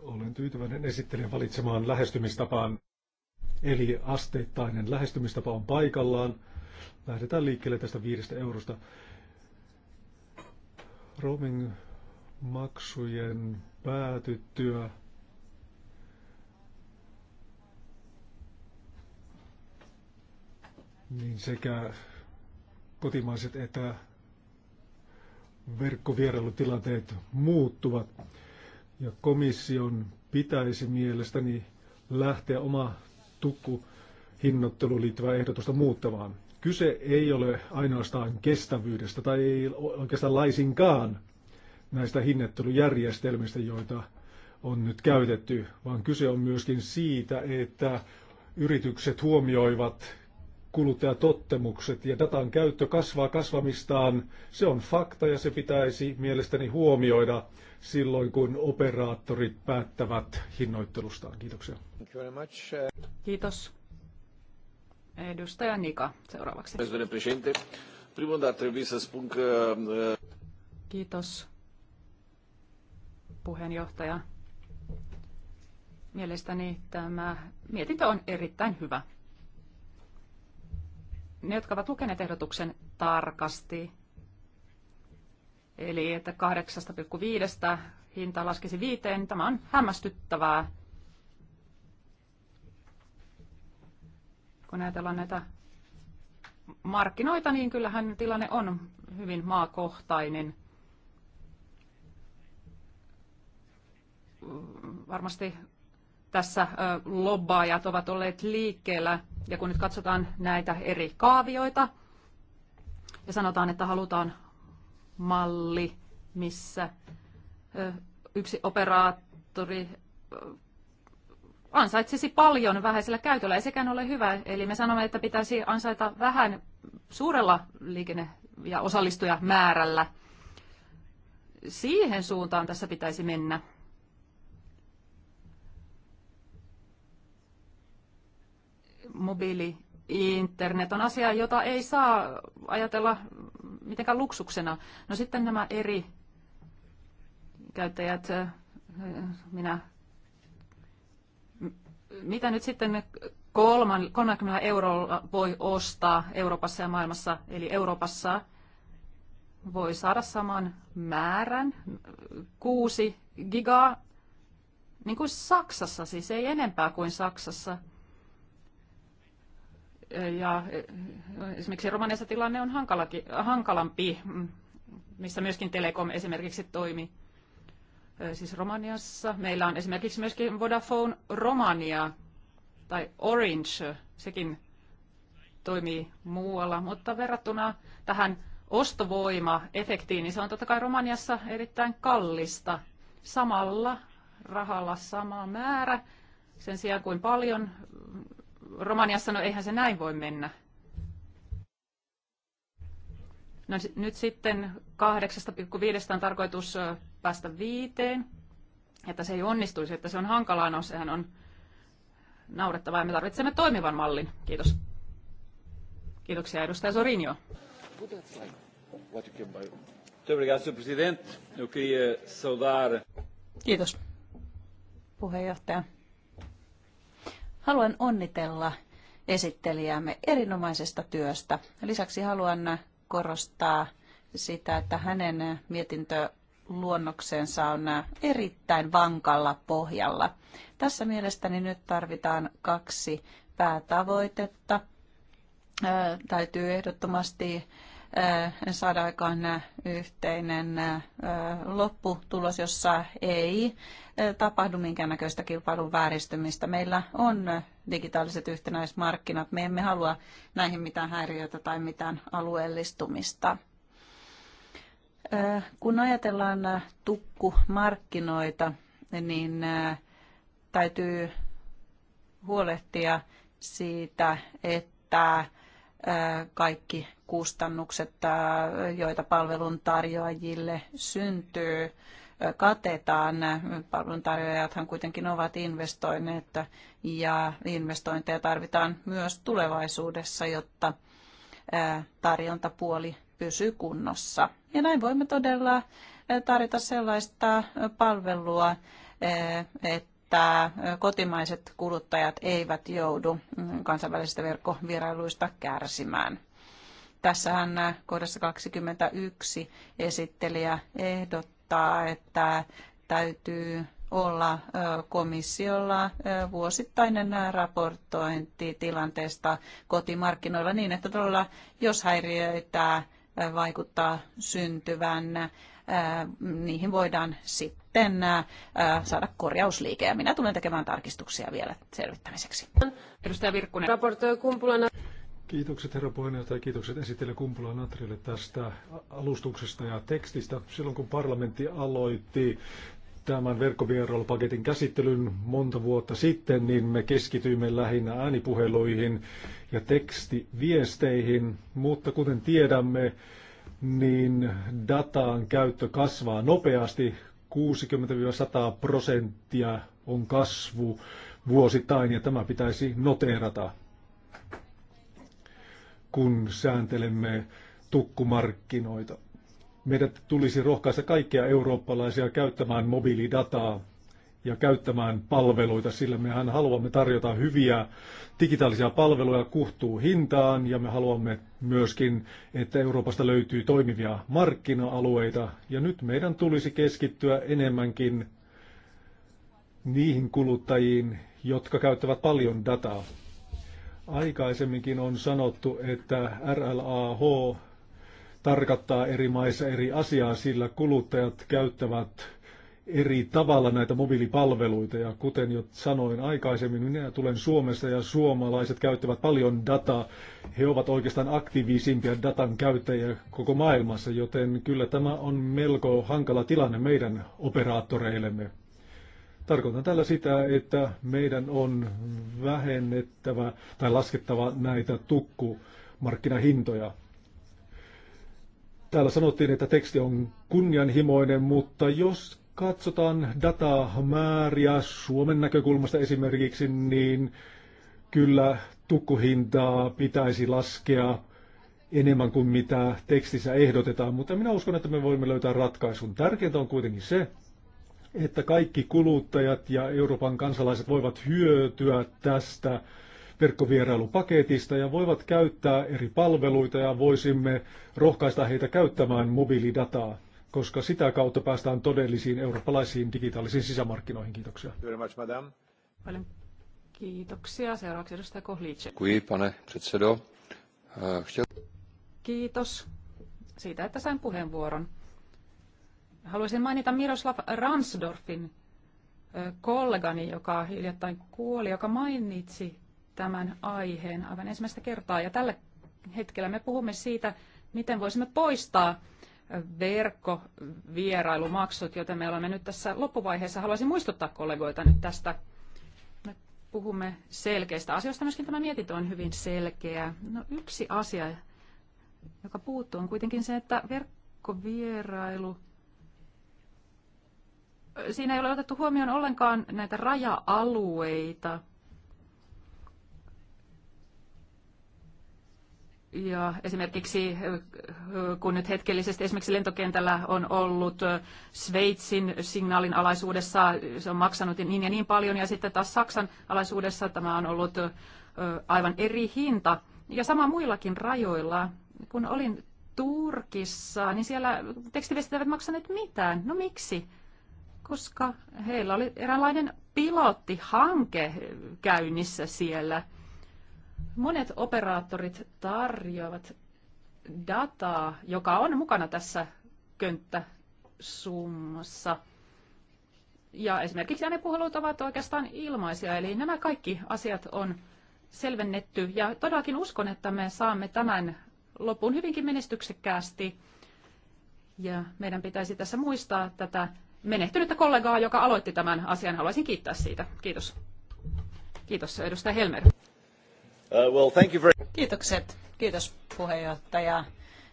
Olen tyytyväinen esittelijän valitsemaan lähestymistapaan. Eli asteittainen lähestymistapa on paikallaan Lähdetään liikkeelle tästä viidestä eurosta. Roaming-maksujen päätyttyä niin sekä kotimaiset että verkkovierailutilanteet muuttuvat. Ja komission pitäisi mielestäni lähteä oma tukku hinnoitteluun liittyvää ehdotusta muuttamaan. Kyse ei ole ainoastaan kestävyydestä tai ei oikeastaan laisinkaan näistä hinnettelyjärjestelmistä, joita on nyt käytetty, vaan kyse on myöskin siitä, että yritykset huomioivat kuluttajatottemukset ja datan käyttö kasvaa kasvamistaan. Se on fakta ja se pitäisi mielestäni huomioida silloin, kun operaattorit päättävät hinnoittelustaan. Kiitoksia. Kiitos. Edustaja Nika seuraavaksi. Kiitos puheenjohtaja. Mielestäni tämä mietintö on erittäin hyvä. Ne, jotka ovat lukeneet ehdotuksen tarkasti, eli että 8,5 hinta laskisi viiteen, niin tämä on hämmästyttävää kun ajatellaan näitä markkinoita, niin kyllähän tilanne on hyvin maakohtainen. Varmasti tässä lobbaajat ovat olleet liikkeellä. Ja kun nyt katsotaan näitä eri kaavioita ja sanotaan, että halutaan malli, missä yksi operaattori ansaitsisi paljon vähäisellä käytöllä. Ei sekään ole hyvä. Eli me sanomme, että pitäisi ansaita vähän suurella liikenne- ja osallistujamäärällä. Siihen suuntaan tässä pitäisi mennä. Mobiili internet on asia, jota ei saa ajatella mitenkään luksuksena. No sitten nämä eri käyttäjät, minä mitä nyt sitten 30 eurolla voi ostaa Euroopassa ja maailmassa? Eli Euroopassa voi saada saman määrän, 6 gigaa, niin kuin Saksassa, siis ei enempää kuin Saksassa. Ja e, esimerkiksi Romaniassa tilanne on hankalampi, missä myöskin Telekom esimerkiksi toimi siis Romaniassa. Meillä on esimerkiksi myöskin Vodafone Romania tai Orange, sekin toimii muualla, mutta verrattuna tähän ostovoima-efektiin, niin se on totta kai Romaniassa erittäin kallista. Samalla rahalla sama määrä, sen sijaan kuin paljon. Romaniassa, no eihän se näin voi mennä. No, nyt sitten 8,5 on tarkoitus päästä viiteen, että se ei onnistuisi, että se on hankalaa, no sehän on naurettavaa ja me tarvitsemme toimivan mallin. Kiitos. Kiitoksia edustaja Sorinio. Kiitos puheenjohtaja. Haluan onnitella esittelijäämme erinomaisesta työstä. Lisäksi haluan korostaa sitä, että hänen mietintöluonnoksensa on erittäin vankalla pohjalla. Tässä mielestäni nyt tarvitaan kaksi päätavoitetta. Ää, täytyy ehdottomasti saada aikaan yhteinen lopputulos, jossa ei tapahdu minkäännäköistä kilpailun vääristymistä. Meillä on digitaaliset yhtenäismarkkinat. Me emme halua näihin mitään häiriöitä tai mitään alueellistumista. Kun ajatellaan tukkumarkkinoita, niin täytyy huolehtia siitä, että kaikki kustannukset, joita palvelun tarjoajille syntyy, katetaan. Palveluntarjoajathan kuitenkin ovat investoineet ja investointeja tarvitaan myös tulevaisuudessa, jotta tarjontapuoli pysyy kunnossa. Ja näin voimme todella tarjota sellaista palvelua, että kotimaiset kuluttajat eivät joudu mm, kansainvälisistä verkkovierailuista kärsimään. Tässähän kohdassa 21 esittelijä ehdottaa, ehdottaa, että täytyy olla komissiolla vuosittainen raportointi tilanteesta kotimarkkinoilla niin, että todella jos häiriöitä vaikuttaa syntyvän, niihin voidaan sitten saada korjausliike. Ja minä tulen tekemään tarkistuksia vielä selvittämiseksi. Edustaja Virkkunen. Raportoi kumpulana. Kiitokset herra puheenjohtaja, kiitokset esittelijä Kumpula Natrille tästä alustuksesta ja tekstistä. Silloin kun parlamentti aloitti tämän verkkovierailupaketin käsittelyn monta vuotta sitten, niin me keskityimme lähinnä äänipuheluihin ja tekstiviesteihin, mutta kuten tiedämme, niin dataan käyttö kasvaa nopeasti, 60-100 prosenttia on kasvu vuosittain ja tämä pitäisi noteerata kun sääntelemme tukkumarkkinoita. Meidät tulisi rohkaista kaikkia eurooppalaisia käyttämään mobiilidataa ja käyttämään palveluita, sillä mehän haluamme tarjota hyviä digitaalisia palveluja kuhtuu hintaan ja me haluamme myöskin, että Euroopasta löytyy toimivia markkina-alueita ja nyt meidän tulisi keskittyä enemmänkin niihin kuluttajiin, jotka käyttävät paljon dataa. Aikaisemminkin on sanottu, että RLAH tarkattaa eri maissa eri asiaa, sillä kuluttajat käyttävät eri tavalla näitä mobiilipalveluita. Ja kuten jo sanoin aikaisemmin, minä tulen Suomesta ja suomalaiset käyttävät paljon dataa. He ovat oikeastaan aktiivisimpia datan käyttäjiä koko maailmassa, joten kyllä tämä on melko hankala tilanne meidän operaattoreillemme. Tarkoitan tällä sitä, että meidän on vähennettävä tai laskettava näitä tukkumarkkinahintoja. Täällä sanottiin, että teksti on kunnianhimoinen, mutta jos katsotaan datamääriä Suomen näkökulmasta esimerkiksi, niin kyllä tukkuhintaa pitäisi laskea enemmän kuin mitä tekstissä ehdotetaan, mutta minä uskon, että me voimme löytää ratkaisun. Tärkeintä on kuitenkin se, että kaikki kuluttajat ja Euroopan kansalaiset voivat hyötyä tästä verkkovierailupaketista ja voivat käyttää eri palveluita ja voisimme rohkaista heitä käyttämään mobiilidataa, koska sitä kautta päästään todellisiin eurooppalaisiin digitaalisiin sisämarkkinoihin. Kiitoksia. Paljon kiitoksia. Seuraavaksi edustaja Kohliitse. pane eh, Kiitos siitä, että sain puheenvuoron. Haluaisin mainita Miroslav Ransdorfin kollegani, joka hiljattain kuoli, joka mainitsi tämän aiheen aivan ensimmäistä kertaa. Ja tällä hetkellä me puhumme siitä, miten voisimme poistaa verkkovierailumaksut, joten me olemme nyt tässä loppuvaiheessa. Haluaisin muistuttaa kollegoita nyt tästä. Me puhumme selkeistä asioista. Myöskin tämä mietintö on hyvin selkeä. No yksi asia, joka puuttuu, on kuitenkin se, että verkkovierailu siinä ei ole otettu huomioon ollenkaan näitä raja-alueita. Ja esimerkiksi kun nyt hetkellisesti esimerkiksi lentokentällä on ollut Sveitsin signaalin alaisuudessa, se on maksanut niin ja niin paljon, ja sitten taas Saksan alaisuudessa tämä on ollut aivan eri hinta. Ja sama muillakin rajoilla. Kun olin Turkissa, niin siellä tekstiviestit eivät maksaneet mitään. No miksi? koska heillä oli eräänlainen pilottihanke käynnissä siellä. Monet operaattorit tarjoavat dataa, joka on mukana tässä könttäsummassa. Ja esimerkiksi ne puhelut ovat oikeastaan ilmaisia, eli nämä kaikki asiat on selvennetty. Ja todellakin uskon, että me saamme tämän lopun hyvinkin menestyksekkäästi. Ja meidän pitäisi tässä muistaa tätä menehtynyttä kollegaa, joka aloitti tämän asian. Haluaisin kiittää siitä. Kiitos. Kiitos, edustaja Helmer. Uh, well, thank you very... Kiitokset. Kiitos, puheenjohtaja.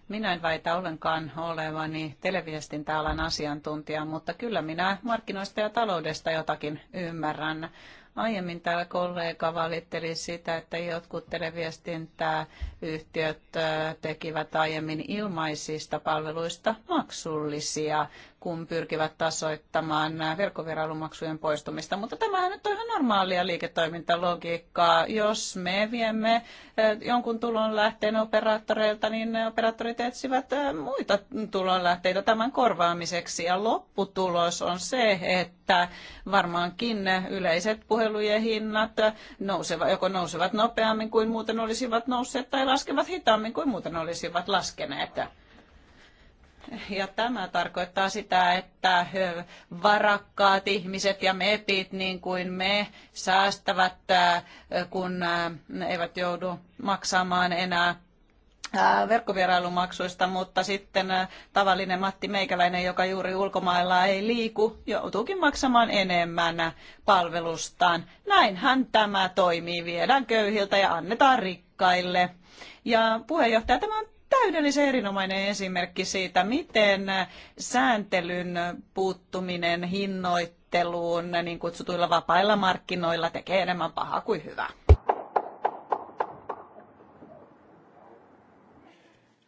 Minä en väitä ollenkaan olevani televiestintäalan asiantuntija, mutta kyllä minä markkinoista ja taloudesta jotakin ymmärrän. Aiemmin täällä kollega valitteli sitä, että jotkut televiestintäyhtiöt äh, tekivät aiemmin ilmaisista palveluista maksullisia kun pyrkivät tasoittamaan verkkovierailumaksujen poistumista. Mutta tämähän nyt on ihan normaalia liiketoimintalogiikkaa. Jos me viemme jonkun tulon lähteen operaattoreilta, niin operaattorit etsivät muita tulonlähteitä tämän korvaamiseksi. Ja lopputulos on se, että varmaankin yleiset puhelujen hinnat nousevat, joko nousevat nopeammin kuin muuten olisivat nousseet tai laskevat hitaammin kuin muuten olisivat laskeneet. Ja tämä tarkoittaa sitä, että varakkaat ihmiset ja mepit, niin kuin me, säästävät, kun eivät joudu maksamaan enää verkkovierailumaksuista, mutta sitten tavallinen Matti Meikäläinen, joka juuri ulkomailla ei liiku, joutuukin maksamaan enemmän palvelustaan. Näinhän tämä toimii. Viedään köyhiltä ja annetaan rikkaille. Ja puheenjohtaja, tämä on täydellisen erinomainen esimerkki siitä, miten sääntelyn puuttuminen hinnoitteluun niin kutsutuilla vapailla markkinoilla tekee enemmän pahaa kuin hyvää.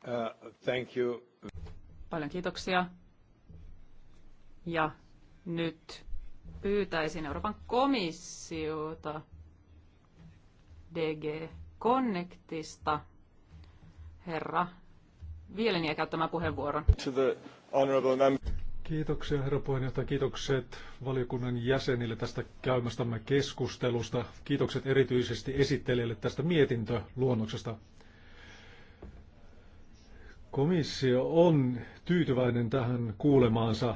Uh, thank you. Paljon kiitoksia. Ja nyt pyytäisin Euroopan komissiota DG Connectista herra Vieleniä käyttämään puheenvuoron. Kiitoksia herra puheenjohtaja, kiitokset valiokunnan jäsenille tästä käymästämme keskustelusta. Kiitokset erityisesti esittelijälle tästä mietintöluonnoksesta. Komissio on tyytyväinen tähän kuulemaansa.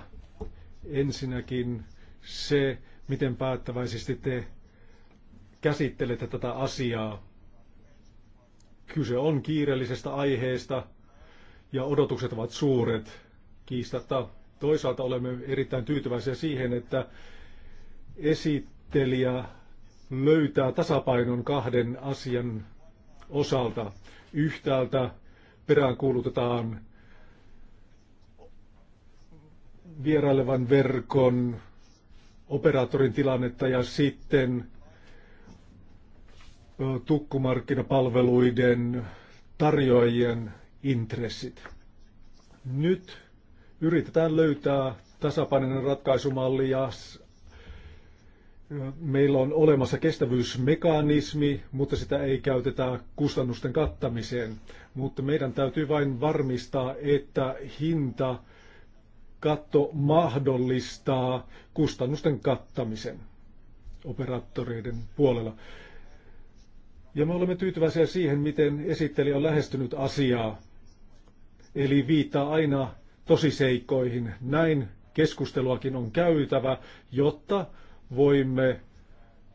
Ensinnäkin se, miten päättäväisesti te käsittelette tätä asiaa Kyse on kiireellisestä aiheesta ja odotukset ovat suuret. Kiistatta toisaalta olemme erittäin tyytyväisiä siihen, että esittelijä löytää tasapainon kahden asian osalta. Yhtäältä peräänkuulutetaan vierailevan verkon operaattorin tilannetta ja sitten tukkumarkkinapalveluiden tarjoajien intressit. Nyt yritetään löytää tasapainoinen ratkaisumalli ja meillä on olemassa kestävyysmekanismi, mutta sitä ei käytetä kustannusten kattamiseen. Mutta meidän täytyy vain varmistaa, että hinta katto mahdollistaa kustannusten kattamisen operaattoreiden puolella. Ja me olemme tyytyväisiä siihen, miten esitteli on lähestynyt asiaa. Eli viittaa aina tosiseikkoihin. Näin keskusteluakin on käytävä, jotta voimme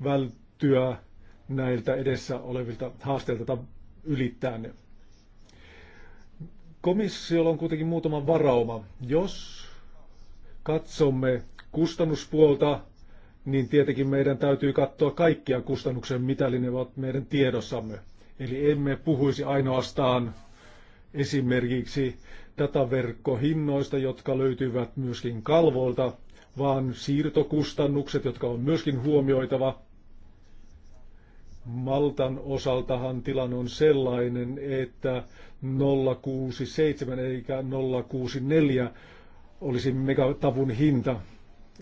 välttyä näiltä edessä olevilta haasteilta tai ylittää ne. Komissiolla on kuitenkin muutama varauma. Jos katsomme kustannuspuolta, niin tietenkin meidän täytyy katsoa kaikkia kustannuksia, mitä ne ovat meidän tiedossamme. Eli emme puhuisi ainoastaan esimerkiksi dataverkkohinnoista, jotka löytyvät myöskin kalvolta, vaan siirtokustannukset, jotka on myöskin huomioitava. Maltan osaltahan tilanne on sellainen, että 067 eikä 064 olisi megatavun hinta.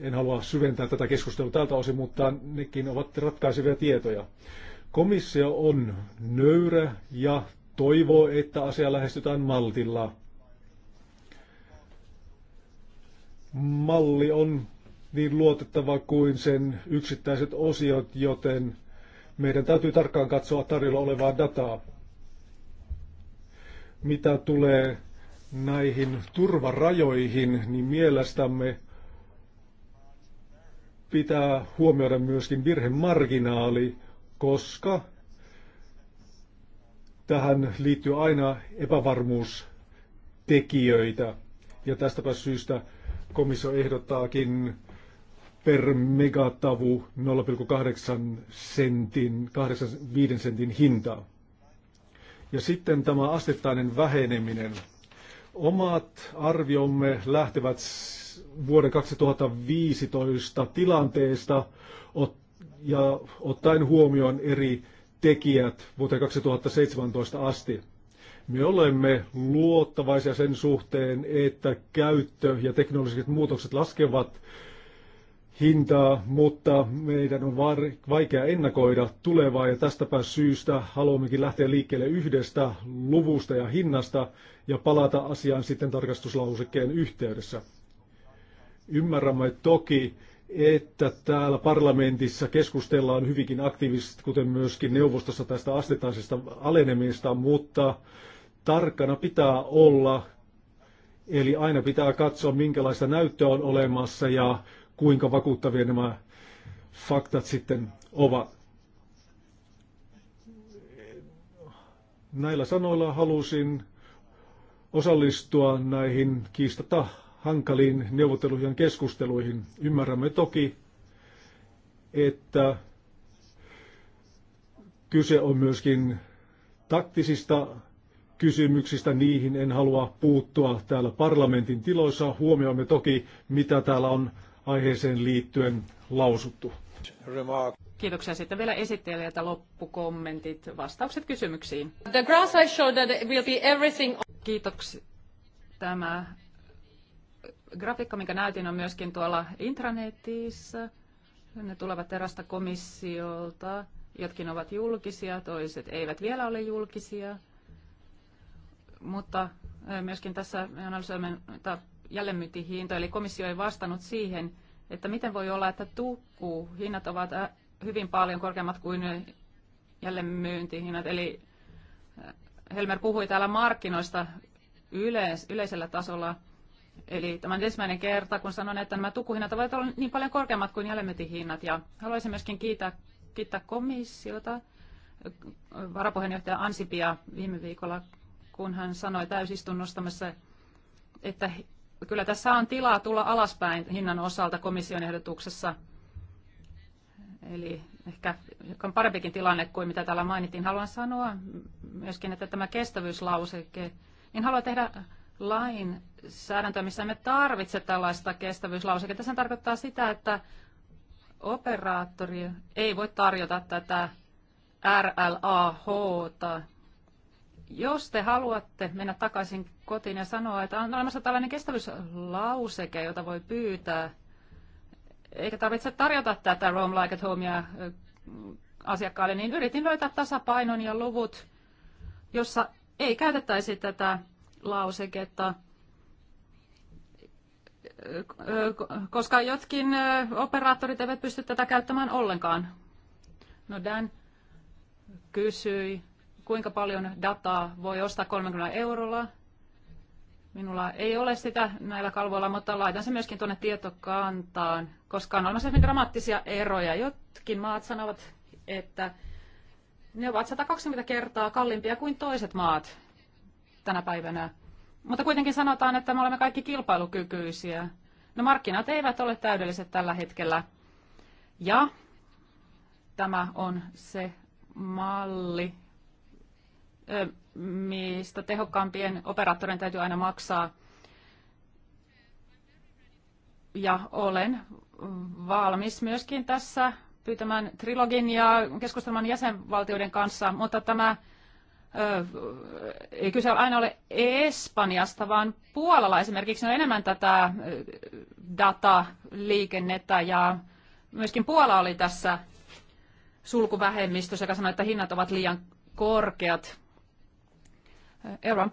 En halua syventää tätä keskustelua tältä osin, mutta nekin ovat ratkaisevia tietoja. Komissio on nöyrä ja toivoo, että asia lähestytään maltilla. Malli on niin luotettava kuin sen yksittäiset osiot, joten meidän täytyy tarkkaan katsoa tarjolla olevaa dataa. Mitä tulee näihin turvarajoihin, niin mielestämme pitää huomioida myöskin virhemarginaali, koska tähän liittyy aina epävarmuustekijöitä. Ja tästäpä syystä komissio ehdottaakin per megatavu 0,8 sentin, 85 sentin hintaa. Ja sitten tämä astettainen väheneminen. Omat arviomme lähtevät vuoden 2015 tilanteesta ja ottaen huomioon eri tekijät vuoteen 2017 asti. Me olemme luottavaisia sen suhteen, että käyttö ja teknologiset muutokset laskevat hintaa, mutta meidän on vaikea ennakoida tulevaa ja tästäpä syystä haluammekin lähteä liikkeelle yhdestä luvusta ja hinnasta ja palata asiaan sitten tarkastuslausekkeen yhteydessä. Ymmärrämme toki, että täällä parlamentissa keskustellaan hyvinkin aktiivisesti, kuten myöskin neuvostossa tästä astetaisesta alenemista, mutta tarkkana pitää olla, eli aina pitää katsoa, minkälaista näyttöä on olemassa ja kuinka vakuuttavia nämä faktat sitten ovat. Näillä sanoilla halusin osallistua näihin kiistata hankaliin neuvotteluihin ja keskusteluihin. Ymmärrämme toki, että kyse on myöskin taktisista kysymyksistä. Niihin en halua puuttua täällä parlamentin tiloissa. Huomioimme toki, mitä täällä on aiheeseen liittyen lausuttu. Kiitoksia. Sitten vielä esittelijältä loppukommentit, vastaukset kysymyksiin. The grass I showed that will be everything... Kiitoksia. Tämä grafiikka, mikä näytin, on myöskin tuolla intranetissä. Ne tulevat erästä komissiolta. Jotkin ovat julkisia, toiset eivät vielä ole julkisia. Mutta myöskin tässä analysoimme jälleenmyyntihinto, eli komissio ei vastannut siihen, että miten voi olla, että tukkuu hinnat ovat hyvin paljon korkeammat kuin jälleenmyyntihinnat. Eli Helmer puhui täällä markkinoista yleis- yleisellä tasolla – Eli tämä on ensimmäinen kerta, kun sanon, että nämä tukuhinnat ovat olleet niin paljon korkeammat kuin jäljemetihinnat. Ja haluaisin myöskin kiittää, kiittää komissiota, varapuheenjohtaja Ansipia viime viikolla, kun hän sanoi täysistunnostamassa, että kyllä tässä on tilaa tulla alaspäin hinnan osalta komission ehdotuksessa. Eli ehkä on parempikin tilanne kuin mitä täällä mainittiin. Haluan sanoa myöskin, että tämä kestävyyslauseke, niin haluan tehdä lainsäädäntöä, missä me tarvitse tällaista kestävyyslauseketta. sen tarkoittaa sitä, että operaattori ei voi tarjota tätä RLAH. -ta. Jos te haluatte mennä takaisin kotiin ja sanoa, että on olemassa tällainen kestävyyslauseke, jota voi pyytää, eikä tarvitse tarjota tätä Roam Like at Homea asiakkaalle, niin yritin löytää tasapainon ja luvut, jossa ei käytettäisi tätä lauseketta, koska jotkin operaattorit eivät pysty tätä käyttämään ollenkaan. No Dan kysyi, kuinka paljon dataa voi ostaa 30 eurolla. Minulla ei ole sitä näillä kalvoilla, mutta laitan se myöskin tuonne tietokantaan, koska on olemassa hyvin dramaattisia eroja. Jotkin maat sanovat, että ne ovat 120 kertaa kalliimpia kuin toiset maat tänä päivänä. Mutta kuitenkin sanotaan, että me olemme kaikki kilpailukykyisiä. No markkinat eivät ole täydelliset tällä hetkellä. Ja tämä on se malli, mistä tehokkaampien operaattorien täytyy aina maksaa. Ja olen valmis myöskin tässä pyytämään trilogin ja keskustelman jäsenvaltioiden kanssa, mutta tämä ei kyse aina ole Espanjasta, vaan Puolalla esimerkiksi on enemmän tätä dataliikennettä ja myöskin Puola oli tässä sulkuvähemmistö sekä sanoi, että hinnat ovat liian korkeat. Euroopan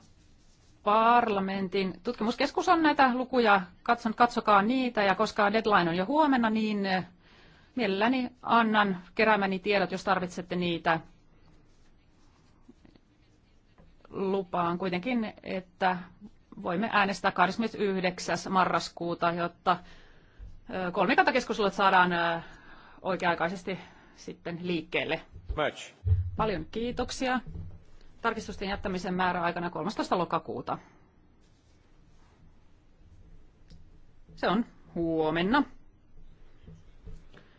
parlamentin tutkimuskeskus on näitä lukuja katsonut, katsokaa niitä ja koska deadline on jo huomenna, niin mielelläni annan keräämäni tiedot, jos tarvitsette niitä lupaan kuitenkin, että voimme äänestää 29. marraskuuta, jotta kolmikantakeskustelut saadaan oikea-aikaisesti sitten liikkeelle. Match. Paljon kiitoksia. Tarkistusten jättämisen määrä aikana 13. lokakuuta. Se on huomenna.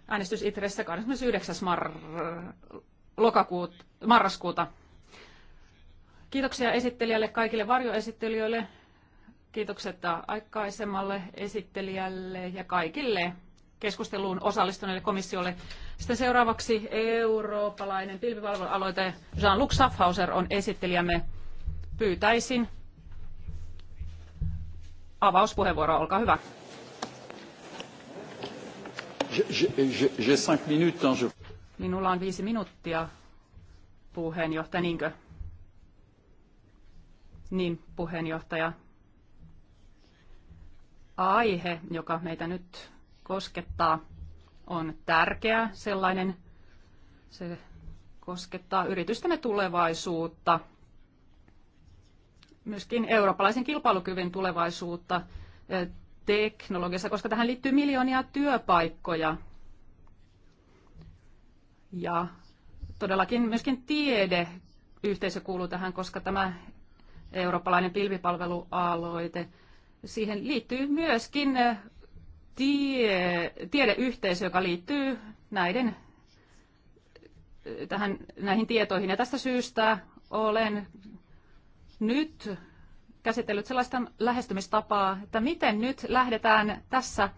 Äänestys Itressä 29. Mar- lokakuuta, marraskuuta Kiitoksia esittelijälle, kaikille varjoesittelijöille. Kiitokset aikaisemmalle esittelijälle ja kaikille keskusteluun osallistuneille komissiolle. Sitten seuraavaksi eurooppalainen pilvivalvonaloite Jean-Luc Schaffhauser on esittelijämme. Pyytäisin avauspuheenvuoroa, olkaa hyvä. Minulla on viisi minuuttia, puheenjohtaja, niinkö? Niin, puheenjohtaja. Aihe, joka meitä nyt koskettaa, on tärkeä sellainen. Se koskettaa yritystämme tulevaisuutta, myöskin eurooppalaisen kilpailukyvyn tulevaisuutta eh, teknologiassa, koska tähän liittyy miljoonia työpaikkoja. Ja todellakin myöskin tiede yhteisö kuuluu tähän, koska tämä eurooppalainen pilvipalvelualoite. Siihen liittyy myöskin eh, tie, tiedeyhteisö, joka liittyy näiden, eh, tähän, näihin tietoihin. Ja tästä syystä olen nyt käsitellyt sellaista lähestymistapaa, että miten nyt lähdetään tässä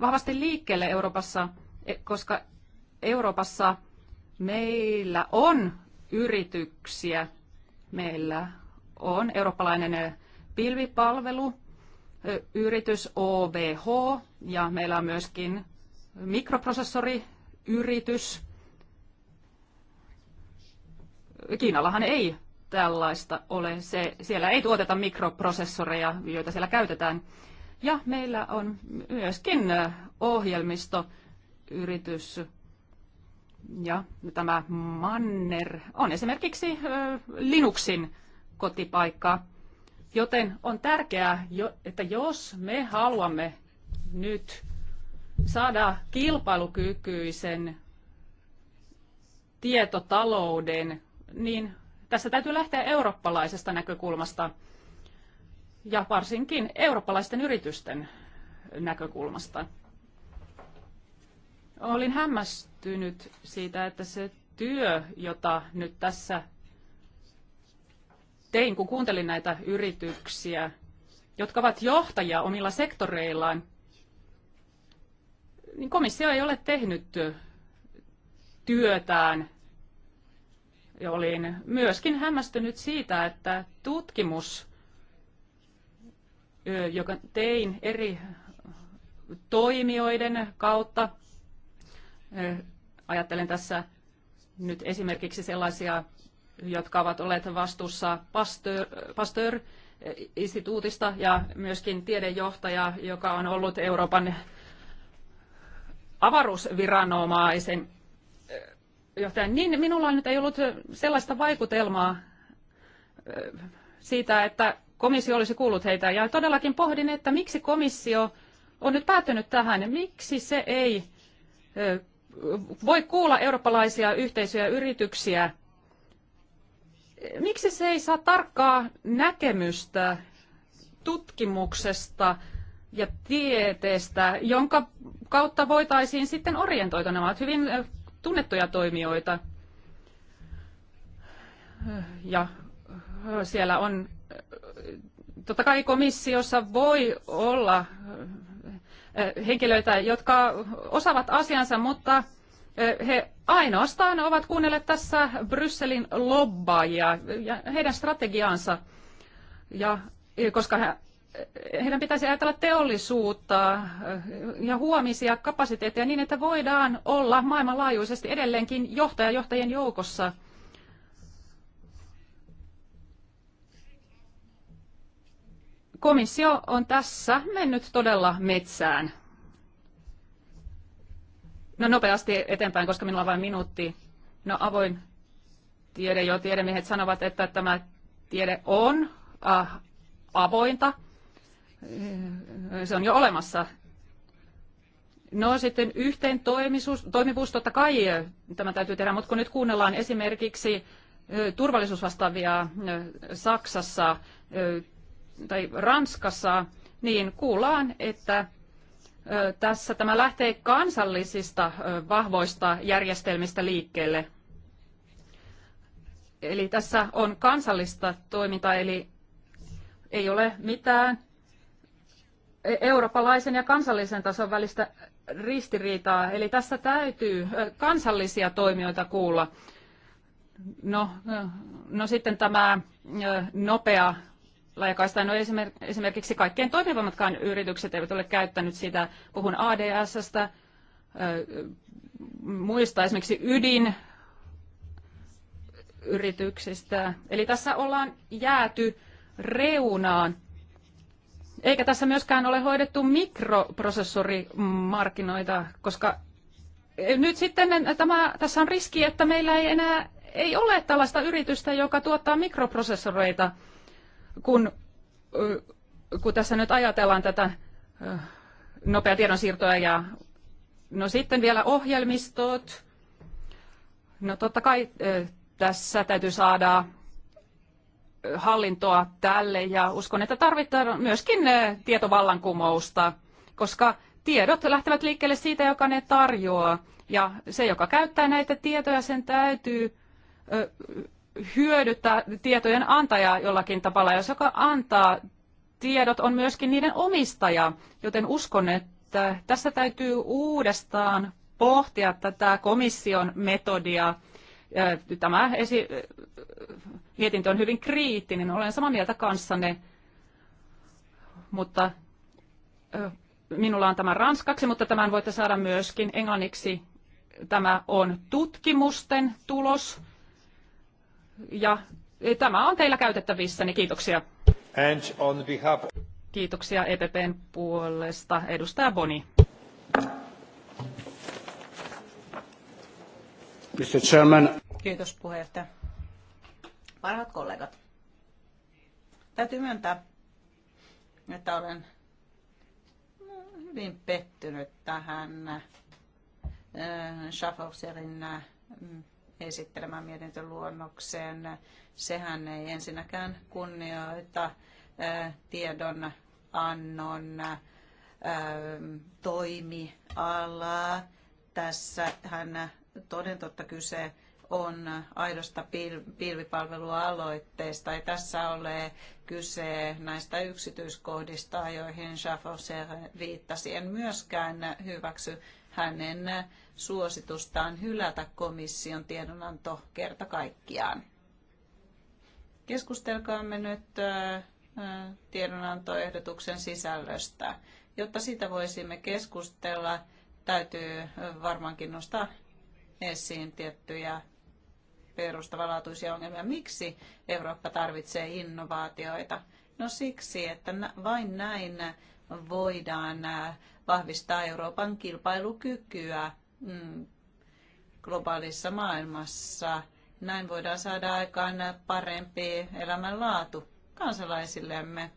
vahvasti liikkeelle Euroopassa, eh, koska Euroopassa meillä on yrityksiä, meillä on eurooppalainen pilvipalvelu, yritys OVH ja meillä on myöskin mikroprosessoriyritys. Kiinallahan ei tällaista ole. Se, siellä ei tuoteta mikroprosessoreja, joita siellä käytetään. Ja meillä on myöskin ohjelmistoyritys. Ja tämä Manner on esimerkiksi Linuxin kotipaikkaa. Joten on tärkeää, että jos me haluamme nyt saada kilpailukykyisen tietotalouden, niin tässä täytyy lähteä eurooppalaisesta näkökulmasta ja varsinkin eurooppalaisten yritysten näkökulmasta. Olin hämmästynyt siitä, että se työ, jota nyt tässä tein, kun kuuntelin näitä yrityksiä, jotka ovat johtajia omilla sektoreillaan, niin komissio ei ole tehnyt työtään. Ja olin myöskin hämmästynyt siitä, että tutkimus, joka tein eri toimijoiden kautta, ajattelen tässä nyt esimerkiksi sellaisia jotka ovat olleet vastuussa Pasteur-instituutista eh, ja myöskin tiedejohtaja, joka on ollut Euroopan avaruusviranomaisen eh, johtaja, niin minulla nyt ei ollut eh, sellaista vaikutelmaa siitä, että komissio olisi kuullut heitä. Ja todellakin pohdin, että miksi komissio on nyt päättynyt tähän, miksi se ei voi kuulla eurooppalaisia yhteisöjä yrityksiä miksi se ei saa tarkkaa näkemystä tutkimuksesta ja tieteestä, jonka kautta voitaisiin sitten orientoida. Nämä ovat hyvin äh, tunnettuja toimijoita. Ja äh, siellä on, äh, totta kai komissiossa voi olla henkilöitä, jotka osaavat asiansa, mutta he ainoastaan ovat kuunnelleet tässä Brysselin lobbaajia ja heidän strategiaansa. Ja, e, koska he, heidän pitäisi ajatella teollisuutta ja huomisia kapasiteetteja niin, että voidaan olla maailmanlaajuisesti edelleenkin johtajajohtajien joukossa. Komissio on tässä mennyt todella metsään. No nopeasti eteenpäin, koska minulla on vain minuutti. No avoin tiede jo, tiedemiehet sanovat, että tämä tiede on äh, avointa. Se on jo olemassa. No sitten yhteen toimisuus, toimivuus, totta kai äh, tämä täytyy tehdä, mutta kun nyt kuunnellaan esimerkiksi äh, turvallisuusvastaavia äh, Saksassa tai Ranskassa, niin kuullaan, että tässä tämä lähtee kansallisista vahvoista järjestelmistä liikkeelle. Eli tässä on kansallista toimintaa, eli ei ole mitään e- eurooppalaisen ja kansallisen tason välistä ristiriitaa. Eli tässä täytyy kansallisia toimijoita kuulla. No, no sitten tämä nopea laajakaistaan. No esimerkiksi kaikkein toimivammatkaan yritykset eivät ole käyttänyt sitä. Puhun ADSstä, muista esimerkiksi ydin yrityksistä. Eli tässä ollaan jääty reunaan. Eikä tässä myöskään ole hoidettu mikroprosessorimarkkinoita, koska e, nyt sitten tämä, tässä on riski, että meillä ei enää ei ole tällaista yritystä, joka tuottaa mikroprosessoreita – kun, kun tässä nyt ajatellaan tätä nopea tiedonsiirtoa ja no sitten vielä ohjelmistot. No totta kai tässä täytyy saada hallintoa tälle ja uskon, että tarvitaan myöskin tietovallankumousta, koska tiedot lähtevät liikkeelle siitä, joka ne tarjoaa. Ja se, joka käyttää näitä tietoja, sen täytyy hyödyttää tietojen antajaa jollakin tavalla. Jos joka antaa tiedot, on myöskin niiden omistaja, joten uskon, että tässä täytyy uudestaan pohtia tätä komission metodia. Tämä esi- mietintö on hyvin kriittinen, olen samaa mieltä kanssanne, mutta minulla on tämä ranskaksi, mutta tämän voitte saada myöskin englanniksi. Tämä on tutkimusten tulos ja e, tämä on teillä käytettävissä, niin kiitoksia. And on behalf... Kiitoksia EPPn puolesta. Edustaja Boni. Mr. Chairman. Kiitos puheenjohtaja. Parhaat kollegat, täytyy myöntää, että olen hyvin pettynyt tähän äh, Schaffhauserin äh, esittelemään mietintöluonnokseen. Sehän ei ensinnäkään kunnioita tiedon annon toimialaa. Tässä hän toden totta kyse on aidosta pilvipalvelualoitteesta. Ei tässä ole kyse näistä yksityiskohdista, joihin Schaffer viittasi. En myöskään hyväksy hänen suositustaan hylätä komission tiedonanto kerta kaikkiaan. Keskustelkaamme nyt tiedonantoehdotuksen sisällöstä. Jotta siitä voisimme keskustella, täytyy varmaankin nostaa esiin tiettyjä perustavanlaatuisia ongelmia. Miksi Eurooppa tarvitsee innovaatioita? No siksi, että vain näin voidaan äh, vahvistaa Euroopan kilpailukykyä mm, globaalissa maailmassa. Näin voidaan saada aikaan parempi elämänlaatu kansalaisillemme.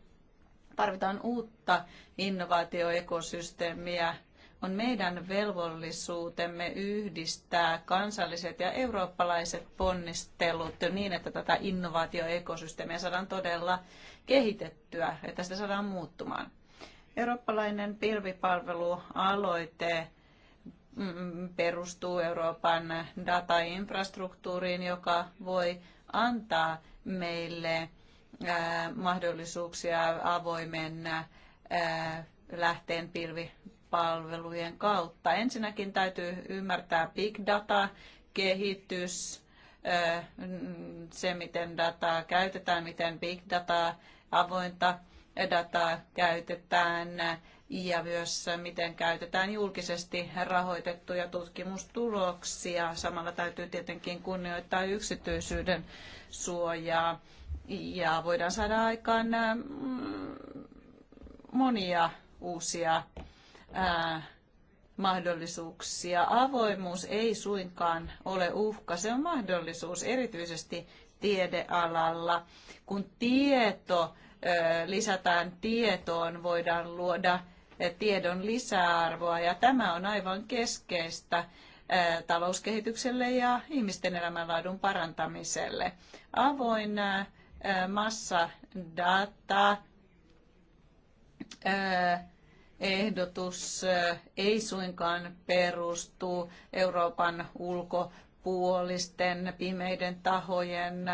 Tarvitaan uutta innovaatioekosysteemiä. On meidän velvollisuutemme yhdistää kansalliset ja eurooppalaiset ponnistelut niin, että tätä innovaatioekosysteemiä saadaan todella kehitettyä, että sitä saadaan muuttumaan. Eurooppalainen pilvipalvelualoite mm, perustuu Euroopan datainfrastruktuuriin, joka voi antaa meille mahdollisuuksia avoimen lähteen pilvipalvelujen kautta. Ensinnäkin täytyy ymmärtää big data, kehitys, se miten dataa käytetään, miten big dataa, avointa dataa käytetään ja myös miten käytetään julkisesti rahoitettuja tutkimustuloksia. Samalla täytyy tietenkin kunnioittaa yksityisyyden suojaa ja voidaan saada aikaan ähm, monia uusia äh, mahdollisuuksia. Avoimuus ei suinkaan ole uhka, se on mahdollisuus erityisesti tiedealalla, kun tieto lisätään tietoon, voidaan luoda tiedon lisäarvoa ja tämä on aivan keskeistä talouskehitykselle ja ihmisten elämänlaadun parantamiselle. Avoin massadata ehdotus ei suinkaan perustu Euroopan ulkopuolisten pimeiden tahojen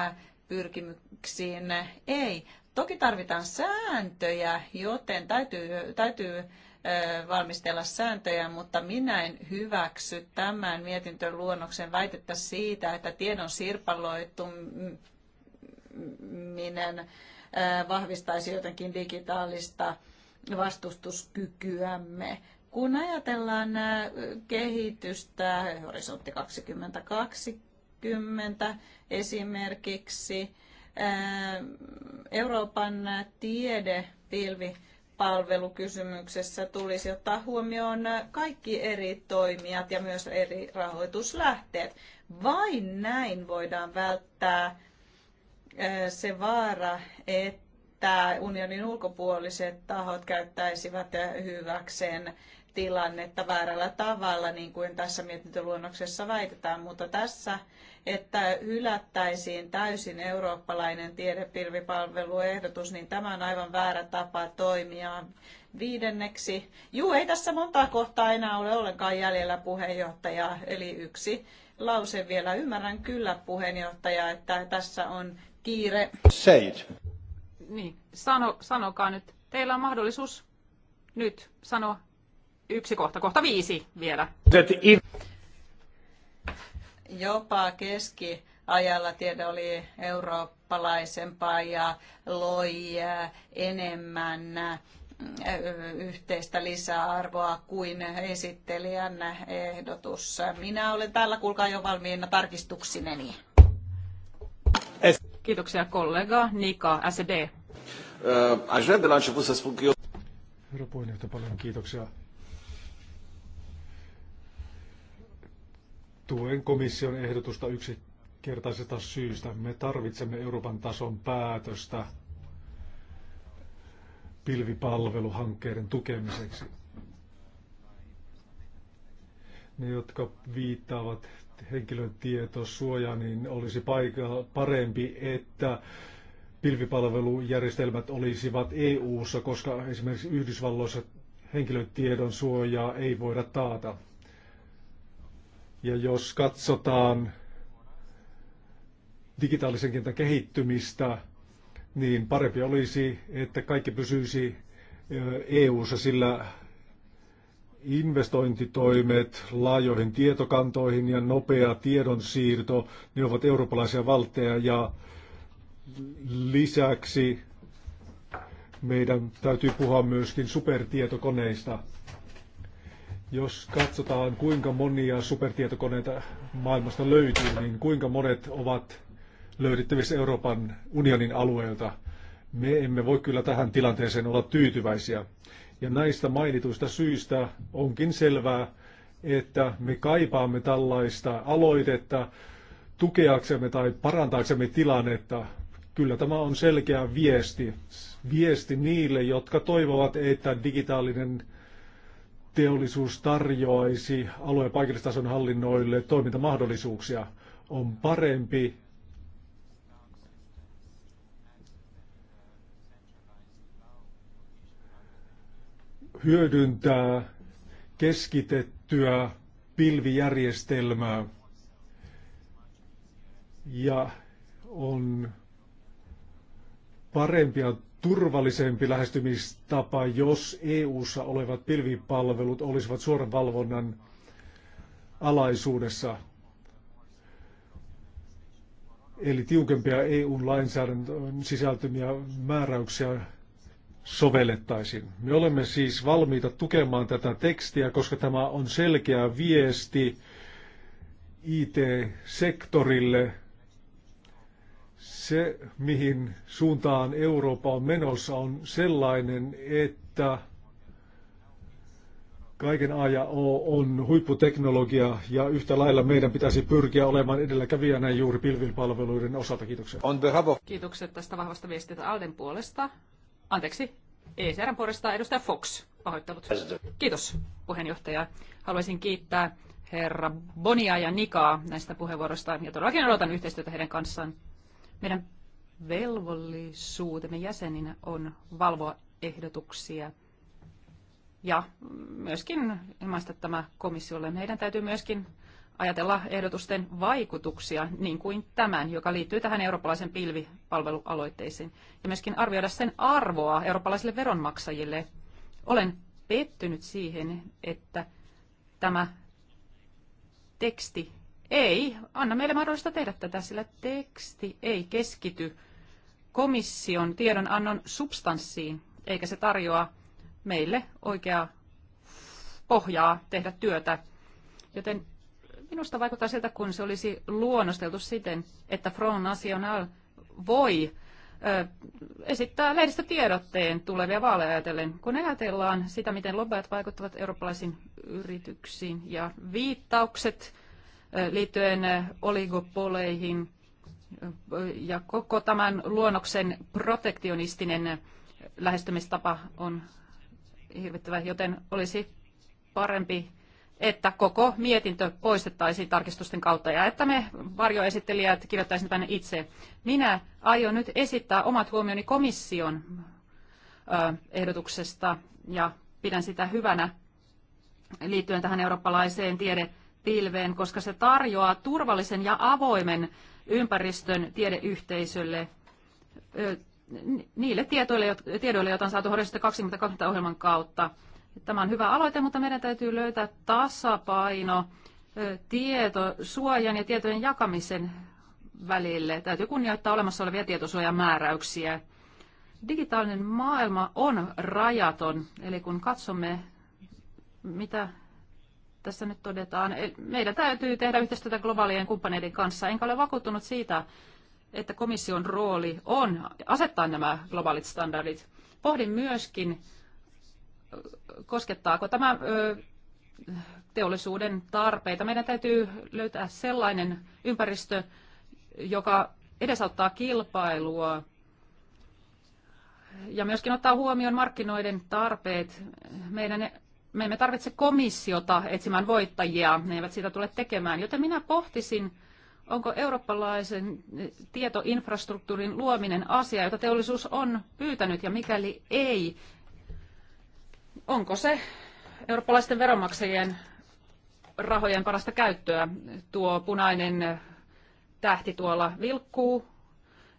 pyrkimyksiin. Ei, Toki tarvitaan sääntöjä, joten täytyy, täytyy valmistella sääntöjä, mutta minä en hyväksy tämän mietintön luonnoksen väitettä siitä, että tiedon sirpaloituminen vahvistaisi jotenkin digitaalista vastustuskykyämme. Kun ajatellaan kehitystä, horisontti 2020 esimerkiksi, Euroopan tiedepilvipalvelukysymyksessä palvelukysymyksessä tulisi ottaa huomioon kaikki eri toimijat ja myös eri rahoituslähteet. Vain näin voidaan välttää se vaara, että unionin ulkopuoliset tahot käyttäisivät hyväkseen tilannetta väärällä tavalla, niin kuin tässä mietintöluonnoksessa väitetään, mutta tässä, että hylättäisiin täysin eurooppalainen tiedepilvipalveluehdotus, niin tämä on aivan väärä tapa toimia. Viidenneksi, juu ei tässä montaa kohtaa enää ole ollenkaan jäljellä puheenjohtaja, eli yksi lause vielä. Ymmärrän kyllä puheenjohtaja, että tässä on kiire. Seid. Niin, sano, sanokaa nyt. Teillä on mahdollisuus nyt sanoa yksi kohta, kohta viisi vielä. Jopa keskiajalla ajalla tiede oli eurooppalaisempaa ja loi eh, enemmän eh, yhteistä lisäarvoa kuin esittelijän ehdotus. Minä olen täällä, kuulkaa jo valmiina tarkistuksineni. Kiitoksia kollega Nika, SED. Herra puheenjohtaja, paljon kiitoksia. Tuen komission ehdotusta yksinkertaisesta syystä. Me tarvitsemme Euroopan tason päätöstä pilvipalveluhankkeiden tukemiseksi. Ne, jotka viittaavat henkilön tietosuojaan, niin olisi paikka parempi, että pilvipalvelujärjestelmät olisivat EU-ssa, koska esimerkiksi Yhdysvalloissa henkilötiedon suojaa ei voida taata. Ja jos katsotaan digitaalisen kentän kehittymistä, niin parempi olisi, että kaikki pysyisi EU-ssa, sillä investointitoimet laajoihin tietokantoihin ja nopea tiedonsiirto, ne ovat eurooppalaisia valtteja ja lisäksi meidän täytyy puhua myöskin supertietokoneista. Jos katsotaan, kuinka monia supertietokoneita maailmasta löytyy, niin kuinka monet ovat löydettävissä Euroopan unionin alueelta. Me emme voi kyllä tähän tilanteeseen olla tyytyväisiä. Ja näistä mainituista syistä onkin selvää, että me kaipaamme tällaista aloitetta tukeaksemme tai parantaaksemme tilannetta. Kyllä tämä on selkeä viesti. Viesti niille, jotka toivovat, että digitaalinen teollisuus tarjoaisi alue- ja paikallistason hallinnoille toimintamahdollisuuksia. On parempi hyödyntää keskitettyä pilvijärjestelmää ja on parempia turvallisempi lähestymistapa, jos EU-ssa olevat pilvipalvelut olisivat suoran valvonnan alaisuudessa. Eli tiukempia eu lainsäädännön sisältymiä määräyksiä sovellettaisiin. Me olemme siis valmiita tukemaan tätä tekstiä, koska tämä on selkeä viesti IT-sektorille – se, mihin suuntaan Eurooppa on menossa, on sellainen, että kaiken A ja O on huipputeknologia ja yhtä lailla meidän pitäisi pyrkiä olemaan edelläkävijänä juuri pilvipalveluiden osalta. Kiitoksia. On Kiitokset tästä vahvasta viestintä Alden puolesta. Anteeksi, ECR puolesta edustaja Fox. Pahoittelut. Kiitos puheenjohtaja. Haluaisin kiittää herra Bonia ja Nikaa näistä puheenvuoroista ja todellakin odotan yhteistyötä heidän kanssaan. Meidän velvollisuutemme jäseninä on valvoa ehdotuksia ja myöskin ilmaista tämä komissiolle. Meidän täytyy myöskin ajatella ehdotusten vaikutuksia, niin kuin tämän, joka liittyy tähän eurooppalaisen pilvipalvelualoitteisiin, ja myöskin arvioida sen arvoa eurooppalaisille veronmaksajille. Olen pettynyt siihen, että tämä teksti ei, anna meille mahdollista tehdä tätä, sillä teksti ei keskity komission tiedonannon substanssiin, eikä se tarjoa meille oikeaa pohjaa tehdä työtä. Joten minusta vaikuttaa siltä, kun se olisi luonnosteltu siten, että Front National voi ö, esittää lehdistötiedotteen tulevia vaaleja ajatellen. Kun ajatellaan sitä, miten lobbyat vaikuttavat eurooppalaisiin yrityksiin ja viittaukset liittyen oligopoleihin ja koko tämän luonnoksen protektionistinen lähestymistapa on hirvittävä, joten olisi parempi, että koko mietintö poistettaisiin tarkistusten kautta ja että me varjoesittelijät kirjoittaisimme tänne itse. Minä aion nyt esittää omat huomioni komission ehdotuksesta ja pidän sitä hyvänä liittyen tähän eurooppalaiseen tiede- pilveen, koska se tarjoaa turvallisen ja avoimen ympäristön tiedeyhteisölle niille tietoille, tiedoille, joita on saatu Horisontti 2020 ohjelman kautta. Tämä on hyvä aloite, mutta meidän täytyy löytää tasapaino tietosuojan ja tietojen jakamisen välille. Täytyy kunnioittaa olemassa olevia tietosuojamääräyksiä. Digitaalinen maailma on rajaton, eli kun katsomme, mitä tässä nyt todetaan. E, meidän täytyy tehdä yhteistyötä globaalien kumppaneiden kanssa. Enkä ole vakuuttunut siitä, että komission rooli on asettaa nämä globaalit standardit. Pohdin myöskin, koskettaako tämä teollisuuden tarpeita. Meidän täytyy löytää sellainen ympäristö, joka edesauttaa kilpailua ja myöskin ottaa huomioon markkinoiden tarpeet. Meidän me emme tarvitse komissiota etsimään voittajia, ne eivät sitä tule tekemään, joten minä pohtisin, onko eurooppalaisen tietoinfrastruktuurin luominen asia, jota teollisuus on pyytänyt, ja mikäli ei, onko se eurooppalaisten veronmaksajien rahojen parasta käyttöä? Tuo punainen tähti tuolla vilkkuu.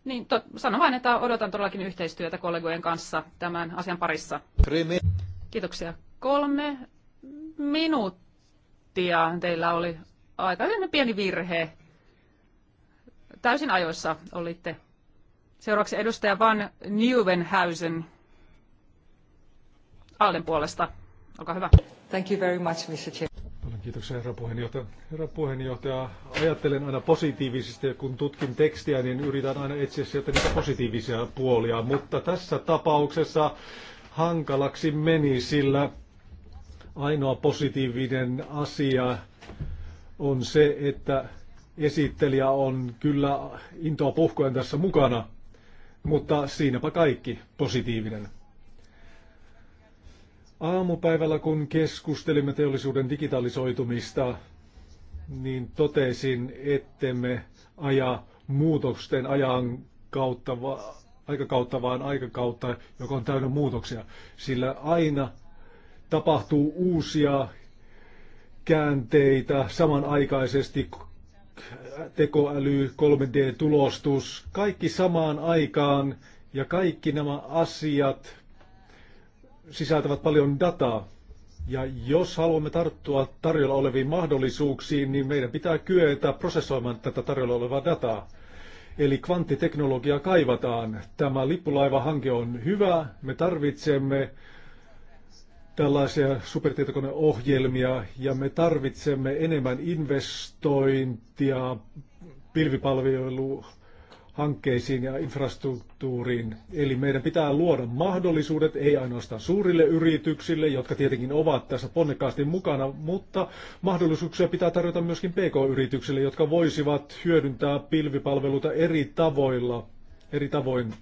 Niin to, sano vain, että odotan todellakin yhteistyötä kollegojen kanssa tämän asian parissa. Kiitoksia. Kolme minuuttia teillä oli aika pieni virhe. Täysin ajoissa olitte. Seuraavaksi edustaja Van Nieuwenhuizen Alden puolesta. Olkaa hyvä. Thank you very much, Mr. Chair. Paljon kiitoksia, herra puheenjohtaja. Herra puheenjohtaja, ajattelen aina positiivisesti ja kun tutkin tekstiä, niin yritän aina etsiä sieltä niitä positiivisia puolia, mutta tässä tapauksessa hankalaksi meni, sillä Ainoa positiivinen asia on se, että esittelijä on kyllä intoa puhkoen tässä mukana, mutta siinäpä kaikki positiivinen. Aamupäivällä kun keskustelimme teollisuuden digitalisoitumista, niin totesin, ettemme aja muutosten ajan kautta, aikakautta, vaan aikakautta, joka on täynnä muutoksia. Sillä aina tapahtuu uusia käänteitä samanaikaisesti, tekoäly, 3D-tulostus, kaikki samaan aikaan ja kaikki nämä asiat sisältävät paljon dataa. Ja jos haluamme tarttua tarjolla oleviin mahdollisuuksiin, niin meidän pitää kyetä prosessoimaan tätä tarjolla olevaa dataa. Eli kvanttiteknologiaa kaivataan. Tämä lippulaivahanke on hyvä. Me tarvitsemme tällaisia supertietokoneohjelmia ja me tarvitsemme enemmän investointia pilvipalveluhankkeisiin ja infrastruktuuriin. Eli meidän pitää luoda mahdollisuudet ei ainoastaan suurille yrityksille, jotka tietenkin ovat tässä ponnekkaasti mukana, mutta mahdollisuuksia pitää tarjota myöskin pk-yrityksille, jotka voisivat hyödyntää pilvipalveluita eri tavoilla, eri tavoin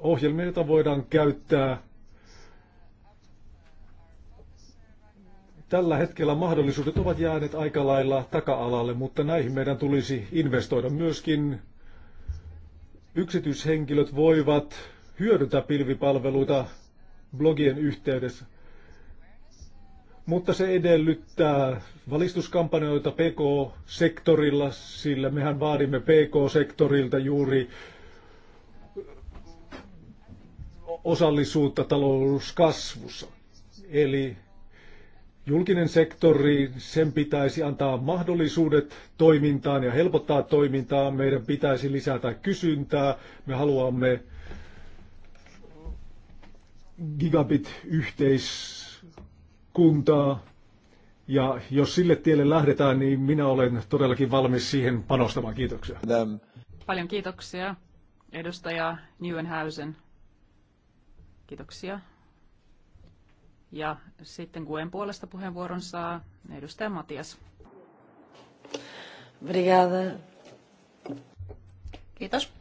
ohjelmia, joita voidaan käyttää Tällä hetkellä mahdollisuudet ovat jääneet aika lailla taka-alalle, mutta näihin meidän tulisi investoida myöskin. Yksityishenkilöt voivat hyödyntää pilvipalveluita blogien yhteydessä, mutta se edellyttää valistuskampanjoita PK-sektorilla, sillä mehän vaadimme PK-sektorilta juuri osallisuutta talouskasvussa. Eli julkinen sektori, sen pitäisi antaa mahdollisuudet toimintaan ja helpottaa toimintaa. Meidän pitäisi lisätä kysyntää. Me haluamme gigabit-yhteiskuntaa. Ja jos sille tielle lähdetään, niin minä olen todellakin valmis siihen panostamaan. Kiitoksia. Paljon kiitoksia, edustaja Newenhausen. Kiitoksia. Ja sitten Kuen puolesta puheenvuoron saa edustaja Matias. Brigada. Kiitos.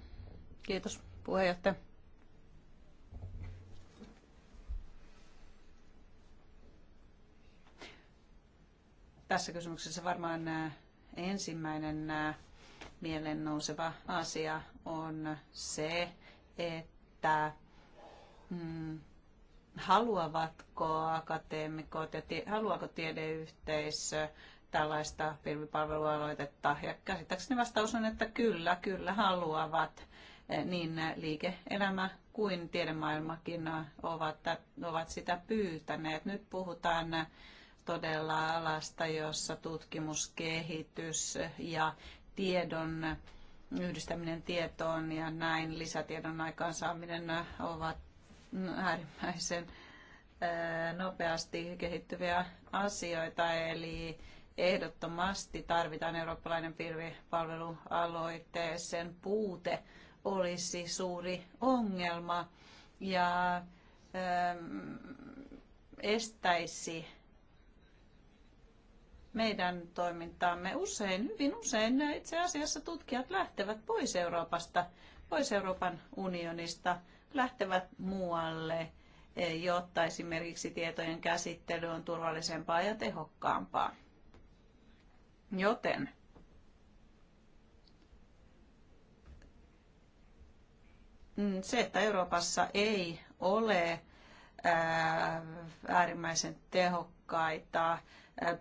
Kiitos puheenjohtaja. Tässä kysymyksessä varmaan äh, ensimmäinen äh, mielen nouseva asia on se, että mm, haluavatko akateemikot ja tie, haluaako tiedeyhteisö tällaista pilvipalvelualoitetta. Ja käsittääkseni vastaus on, että kyllä, kyllä haluavat. Eh, niin liike-elämä kuin tiedemaailmakin ovat, ovat sitä pyytäneet. Nyt puhutaan todella alasta, jossa tutkimus, kehitys ja tiedon yhdistäminen tietoon ja näin lisätiedon aikaansaaminen ovat äärimmäisen nopeasti kehittyviä asioita, eli ehdottomasti tarvitaan eurooppalainen pilvipalvelualoite. Sen puute olisi suuri ongelma ja estäisi meidän toimintaamme usein, hyvin usein itse asiassa tutkijat lähtevät pois Euroopasta, pois Euroopan unionista lähtevät muualle, e, jotta esimerkiksi tietojen käsittely on turvallisempaa ja tehokkaampaa. Joten mm, se, että Euroopassa ei ole äärimmäisen tehokkaita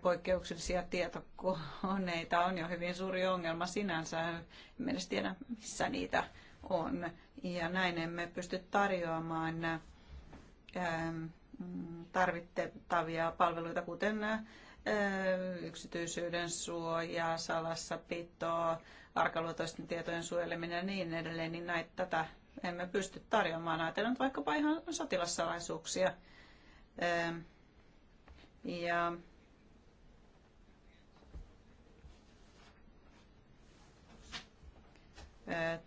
poikkeuksellisia tietokoneita on jo hyvin suuri ongelma sinänsä. En edes tiedä, missä niitä on. Ja näin emme pysty tarjoamaan ähm, tarvittavia palveluita, kuten äh, yksityisyyden suoja, salassapito, arkaluotoisten tietojen suojeleminen ja niin edelleen, niin näitä tätä emme pysty tarjoamaan. Ajatellaan vaikkapa ihan sotilassalaisuuksia. Ähm, ja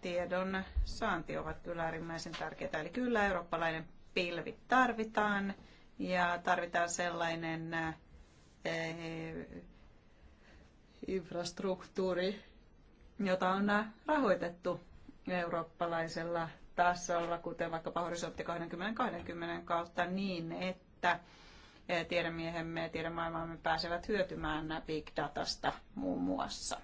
tiedon saanti ovat kyllä äärimmäisen tärkeitä. Eli kyllä eurooppalainen pilvi tarvitaan ja tarvitaan sellainen infrastruktuuri, jota on rahoitettu eurooppalaisella tasolla, kuten vaikkapa horisontti 2020 kautta niin, että tiedemiehemme ja tiedemaailmamme pääsevät hyötymään big datasta muun muassa.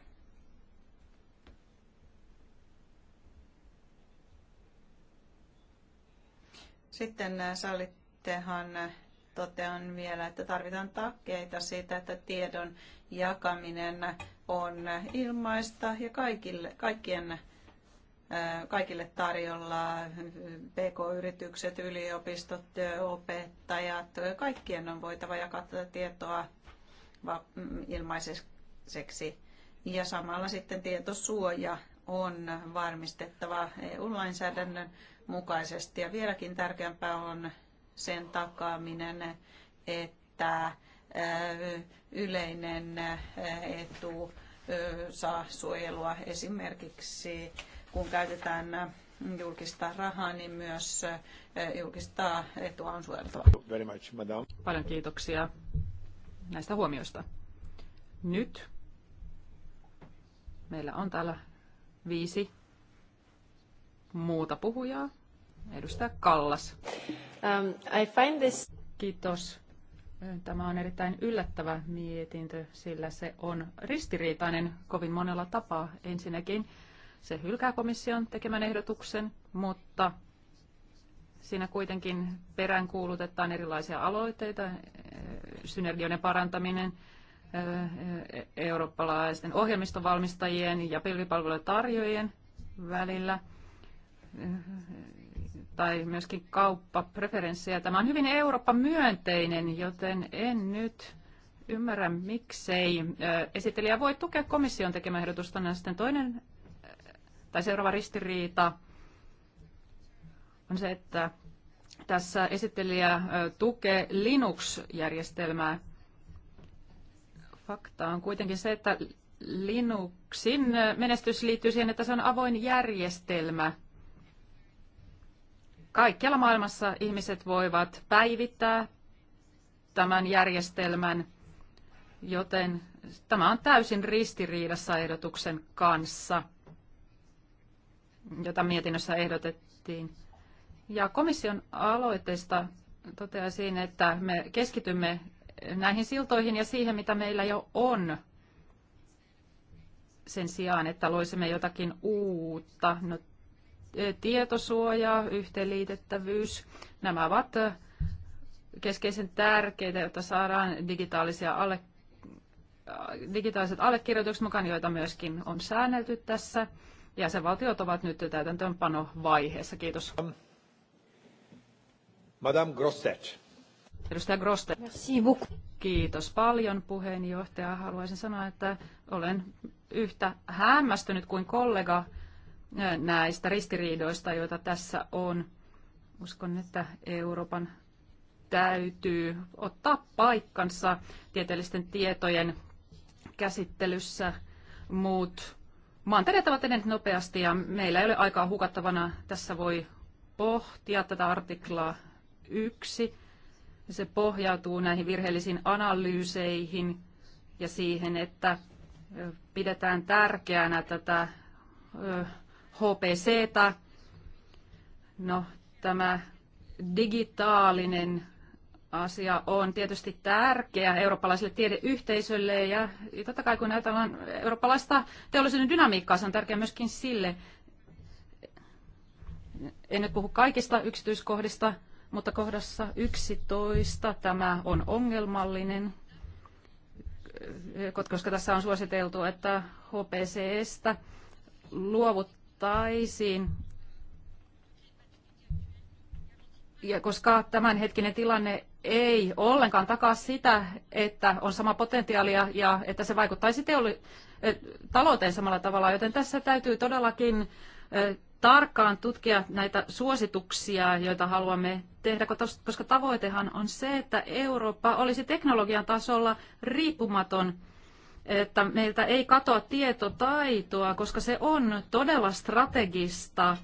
Sitten äh, sallittehan äh, totean vielä, että tarvitaan takkeita siitä, että tiedon jakaminen on äh, ilmaista ja kaikille, kaikkien kaikille tarjolla PK-yritykset, yliopistot, opettajat, kaikkien on voitava jakaa tätä tietoa mm, ilmaiseksi. Ja samalla sitten tietosuoja on varmistettava EU-lainsäädännön mukaisesti. Ja vieläkin tärkeämpää on sen takaaminen, että yleinen etu saa suojelua esimerkiksi kun käytetään julkista rahaa, niin myös julkista etua on suojeltava. Very much, Paljon kiitoksia näistä huomioista. Nyt meillä on täällä viisi muuta puhujaa. Edustaja Kallas. Um, I find this... Kiitos. Tämä on erittäin yllättävä mietintö, sillä se on ristiriitainen kovin monella tapaa. Ensinnäkin se hylkää komission tekemän ehdotuksen, mutta siinä kuitenkin peräänkuulutetaan erilaisia aloitteita, synergioiden parantaminen, e, e, eurooppalaisten ohjelmistovalmistajien ja pilvipalvelujen tarjoajien välillä – tai myöskin kauppapreferenssejä. Tämä on hyvin Eurooppa-myönteinen, joten en nyt ymmärrä, miksei esittelijä voi tukea komission tekemää ehdotusta. Ja sitten toinen tai seuraava ristiriita on se, että tässä esittelijä tukee Linux-järjestelmää. Fakta on kuitenkin se, että Linuxin menestys liittyy siihen, että se on avoin järjestelmä – Kaikkialla maailmassa ihmiset voivat päivittää tämän järjestelmän, joten tämä on täysin ristiriidassa ehdotuksen kanssa, jota mietinnössä ehdotettiin. Ja komission aloitteesta toteaisin, että me keskitymme näihin siltoihin ja siihen, mitä meillä jo on, sen sijaan, että loisimme jotakin uutta. No, tietosuoja, yhteenliitettävyys, nämä ovat keskeisen tärkeitä, jotta saadaan digitaalisia alle, digitaaliset allekirjoitukset mukaan, joita myöskin on säännelty tässä. Jäsenvaltiot ovat nyt täytäntöönpanovaiheessa. Kiitos. Um, Madame Grosset. Edustaja Grosset. Merci beaucoup. Kiitos paljon puheenjohtaja. Haluaisin sanoa, että olen yhtä hämmästynyt kuin kollega näistä ristiriidoista, joita tässä on. Uskon, että Euroopan täytyy ottaa paikkansa tieteellisten tietojen käsittelyssä. Muut maantereet ovat edenneet nopeasti ja meillä ei ole aikaa hukattavana. Tässä voi pohtia tätä artiklaa yksi. Se pohjautuu näihin virheellisiin analyyseihin ja siihen, että pidetään tärkeänä tätä HPC: No, tämä digitaalinen asia on tietysti tärkeä eurooppalaiselle tiedeyhteisölle ja totta kai kun ajatellaan eurooppalaista teollisuuden dynamiikkaa, se on tärkeä myöskin sille. En nyt puhu kaikista yksityiskohdista, mutta kohdassa 11 tämä on ongelmallinen, koska tässä on suositeltu, että HPCstä luovut, taisin. Ja koska tämänhetkinen tilanne ei ollenkaan takaa sitä, että on sama potentiaalia ja että se vaikuttaisi teoli- eh, talouteen samalla tavalla, joten tässä täytyy todellakin eh, tarkkaan tutkia näitä suosituksia, joita haluamme tehdä, koska tavoitehan on se, että Eurooppa olisi teknologian tasolla riippumaton että meiltä ei katoa tietotaitoa, koska se on todella strategista.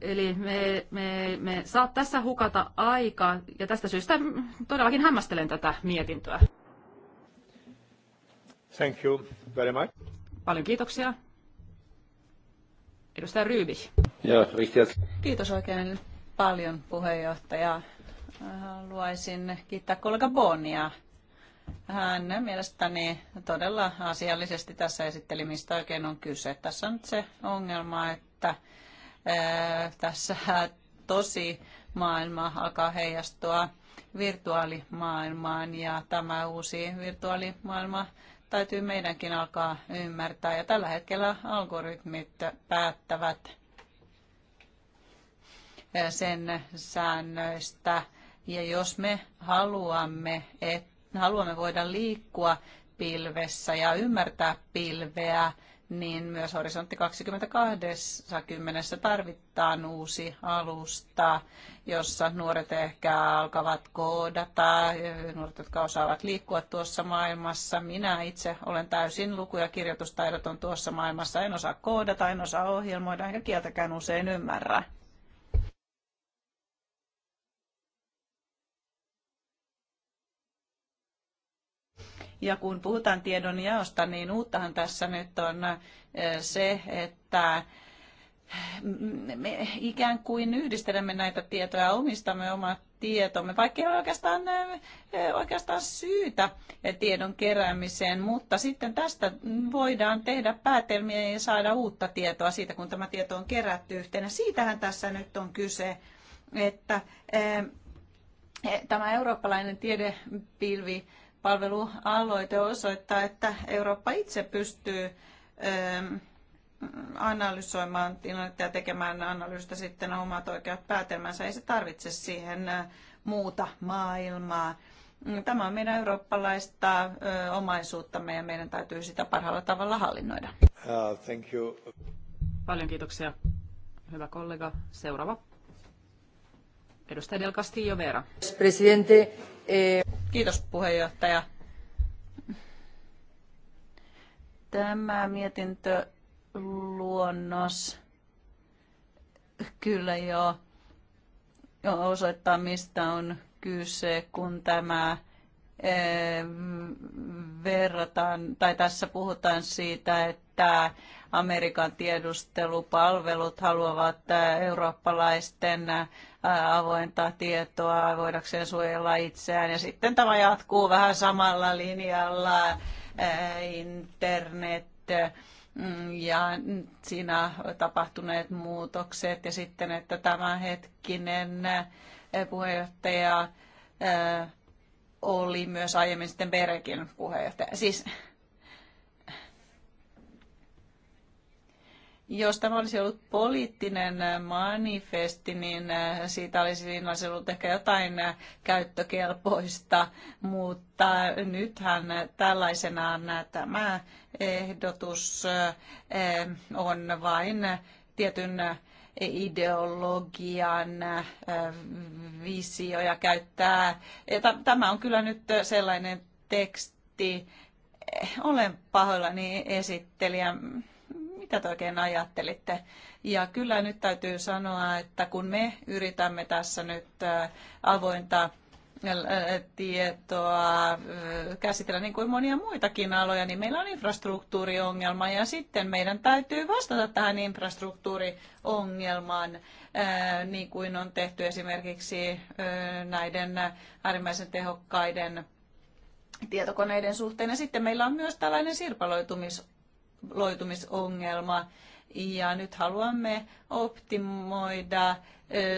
Eli me, me, me saa tässä hukata aikaa, ja tästä syystä todellakin hämmästelen tätä mietintöä. Thank you very much. Paljon kiitoksia. Edustaja Ryyvi. Ja, Kiitos oikein paljon puheenjohtaja. Haluaisin kiittää kollega Bonia hän mielestäni todella asiallisesti tässä esitteli, mistä oikein on kyse. Tässä on nyt se ongelma, että ää, tässä tosi maailma alkaa heijastua virtuaalimaailmaan ja tämä uusi virtuaalimaailma täytyy meidänkin alkaa ymmärtää. Ja tällä hetkellä algoritmit päättävät sen säännöistä. Ja jos me haluamme, että haluamme voida liikkua pilvessä ja ymmärtää pilveä, niin myös Horisontti 2020 tarvitaan uusi alusta, jossa nuoret ehkä alkavat koodata, nuoret, jotka osaavat liikkua tuossa maailmassa. Minä itse olen täysin luku- ja kirjoitustaidoton tuossa maailmassa. En osaa koodata, en osaa ohjelmoida, enkä kieltäkään usein ymmärrä. Ja kun puhutaan tiedonjaosta, niin uuttahan tässä nyt on se, että me ikään kuin yhdistelemme näitä tietoja, omistamme omat tietomme, vaikka ei ole oikeastaan, oikeastaan syytä tiedon keräämiseen, mutta sitten tästä voidaan tehdä päätelmiä ja saada uutta tietoa siitä, kun tämä tieto on kerätty yhteen. Siitähän tässä nyt on kyse, että e, tämä eurooppalainen tiedepilvi palvelualoite osoittaa, että Eurooppa itse pystyy ähm, analysoimaan tilannetta ja tekemään analyysistä sitten omat oikeat päätelmänsä. Ei se tarvitse siihen äh, muuta maailmaa. Tämä on meidän eurooppalaista äh, omaisuuttamme ja meidän täytyy sitä parhaalla tavalla hallinnoida. Uh, thank you. Paljon kiitoksia, hyvä kollega. Seuraava. Edustaja Del Castillo Vera. Presidente, eh... Kiitos puheenjohtaja. Tämä mietintöluonnos kyllä jo osoittaa, mistä on kyse, kun tämä eh, verrataan, tai tässä puhutaan siitä, että Amerikan tiedustelupalvelut haluavat eh, eurooppalaisten avointa tietoa voidakseen suojella itseään. Ja sitten tämä jatkuu vähän samalla linjalla internet mm, ja siinä tapahtuneet muutokset ja sitten, että tämä hetkinen puheenjohtaja oli myös aiemmin sitten Berekin puheenjohtaja. Siis Jos tämä olisi ollut poliittinen manifesti, niin äh, siitä olisi, siinä olisi ollut ehkä jotain äh, käyttökelpoista, mutta nythän tällaisenaan tämä ehdotus äh, on vain tietyn ideologian visio ja käyttää. Tämä on kyllä nyt sellainen teksti, olen pahoillani esittelijä mitä te oikein ajattelitte. Ja kyllä nyt täytyy sanoa, että kun me yritämme tässä nyt avointa tietoa käsitellä niin kuin monia muitakin aloja, niin meillä on infrastruktuuriongelma ja sitten meidän täytyy vastata tähän infrastruktuuriongelmaan, niin kuin on tehty esimerkiksi näiden äärimmäisen tehokkaiden tietokoneiden suhteen. Ja sitten meillä on myös tällainen sirpaloitumis loitumisongelma. Ja nyt haluamme optimoida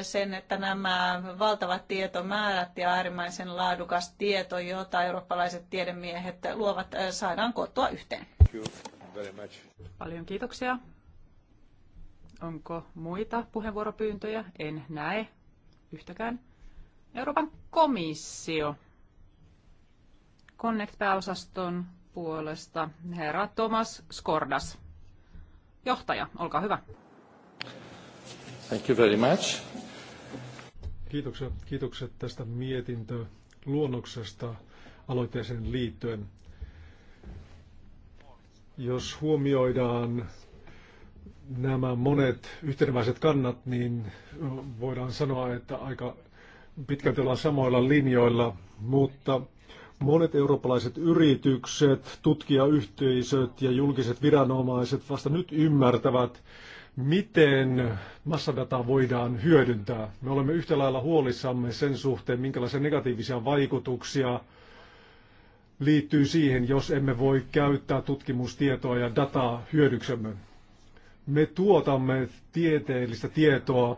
sen, että nämä valtavat tietomäärät ja äärimmäisen laadukas tieto, jota eurooppalaiset tiedemiehet luovat, saadaan koottua yhteen. Paljon kiitoksia. Onko muita puheenvuoropyyntöjä? En näe yhtäkään. Euroopan komissio. Connect-pääosaston puolesta herra Thomas Skordas. Johtaja, olkaa hyvä. Thank you very much. Kiitokset, kiitokset tästä mietintöluonnoksesta aloitteeseen liittyen. Jos huomioidaan nämä monet yhteneväiset kannat, niin voidaan sanoa, että aika pitkälti ollaan samoilla linjoilla, mutta Monet eurooppalaiset yritykset, tutkijayhteisöt ja julkiset viranomaiset vasta nyt ymmärtävät, miten massadataa voidaan hyödyntää. Me olemme yhtä lailla huolissamme sen suhteen, minkälaisia negatiivisia vaikutuksia liittyy siihen, jos emme voi käyttää tutkimustietoa ja dataa hyödyksemme. Me tuotamme tieteellistä tietoa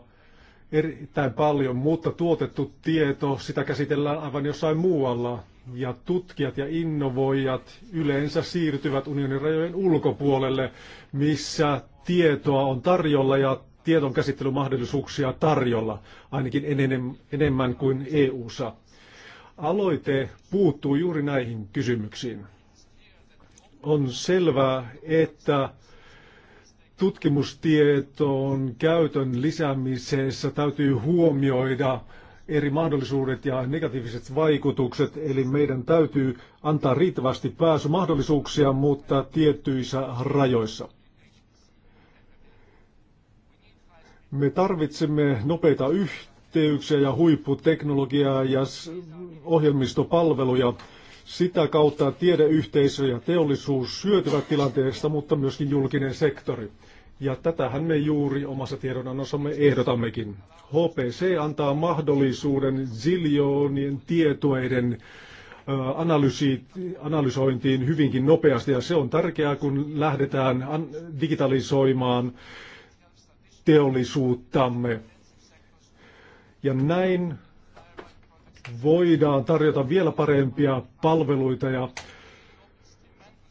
erittäin paljon, mutta tuotettu tieto, sitä käsitellään aivan jossain muualla ja tutkijat ja innovoijat yleensä siirtyvät unionin rajojen ulkopuolelle, missä tietoa on tarjolla ja tiedon käsittelymahdollisuuksia tarjolla, ainakin enemmän kuin EU-ssa. Aloite puuttuu juuri näihin kysymyksiin. On selvää, että tutkimustietoon käytön lisäämisessä täytyy huomioida eri mahdollisuudet ja negatiiviset vaikutukset, eli meidän täytyy antaa riittävästi pääsymahdollisuuksia, mutta tiettyissä rajoissa. Me tarvitsemme nopeita yhteyksiä ja huipputeknologiaa ja ohjelmistopalveluja. Sitä kautta tiedeyhteisö ja teollisuus syötyvät tilanteesta, mutta myöskin julkinen sektori. Ja tätähän me juuri omassa tiedonannossamme ehdotammekin. HPC antaa mahdollisuuden ziljoonien tietoiden analysointiin hyvinkin nopeasti ja se on tärkeää, kun lähdetään digitalisoimaan teollisuuttamme. Ja näin voidaan tarjota vielä parempia palveluita ja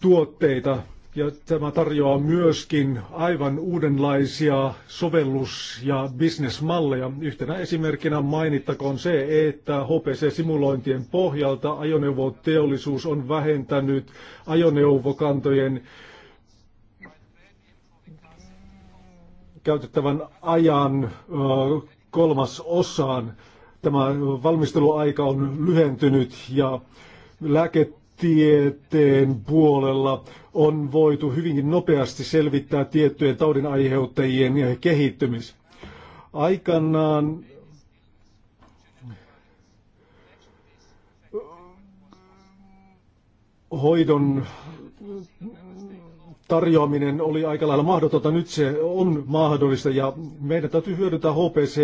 tuotteita ja tämä tarjoaa myöskin aivan uudenlaisia sovellus- ja bisnesmalleja. Yhtenä esimerkkinä mainittakoon se, että HPC-simulointien pohjalta ajoneuvoteollisuus on vähentänyt ajoneuvokantojen käytettävän ajan kolmas osaan. Tämä valmisteluaika on lyhentynyt ja lääket tieteen puolella on voitu hyvinkin nopeasti selvittää tiettyjen taudin aiheuttajien kehittymis. Aikanaan hoidon tarjoaminen oli aika lailla mahdotonta. Nyt se on mahdollista ja meidän täytyy hyödyntää HPC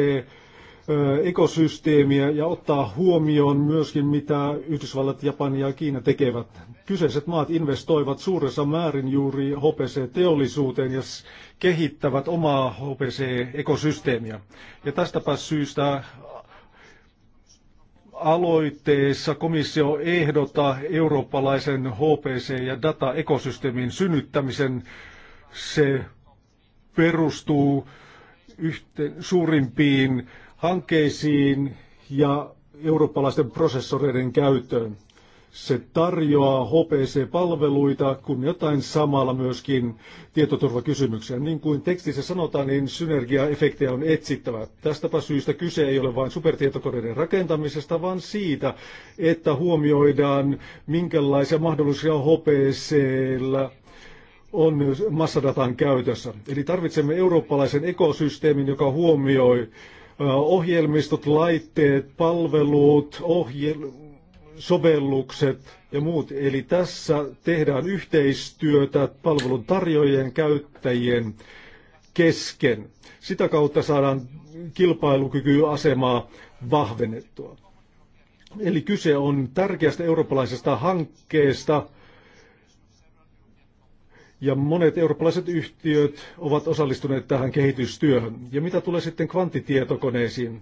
ekosysteemiä ja ottaa huomioon myöskin, mitä Yhdysvallat, Japani ja Kiina tekevät. Kyseiset maat investoivat suuressa määrin juuri HPC-teollisuuteen ja kehittävät omaa HPC-ekosysteemiä. Ja tästäpä syystä aloitteessa komissio ehdottaa eurooppalaisen HPC- ja dataekosysteemin synnyttämisen. Se perustuu yhteen, suurimpiin hankkeisiin ja eurooppalaisten prosessoreiden käyttöön. Se tarjoaa HPC-palveluita, kun jotain samalla myöskin tietoturvakysymyksiä. Niin kuin tekstissä sanotaan, niin synergiaefektejä on etsittävä. Tästäpä syystä kyse ei ole vain supertietokoneiden rakentamisesta, vaan siitä, että huomioidaan, minkälaisia mahdollisuuksia hpc on massadatan käytössä. Eli tarvitsemme eurooppalaisen ekosysteemin, joka huomioi ohjelmistot, laitteet, palvelut, ohjel- sovellukset ja muut. Eli tässä tehdään yhteistyötä palvelun tarjoajien, käyttäjien kesken. Sitä kautta saadaan kilpailukykyasemaa vahvennettua. Eli kyse on tärkeästä eurooppalaisesta hankkeesta, ja monet eurooppalaiset yhtiöt ovat osallistuneet tähän kehitystyöhön. Ja mitä tulee sitten kvanttitietokoneisiin?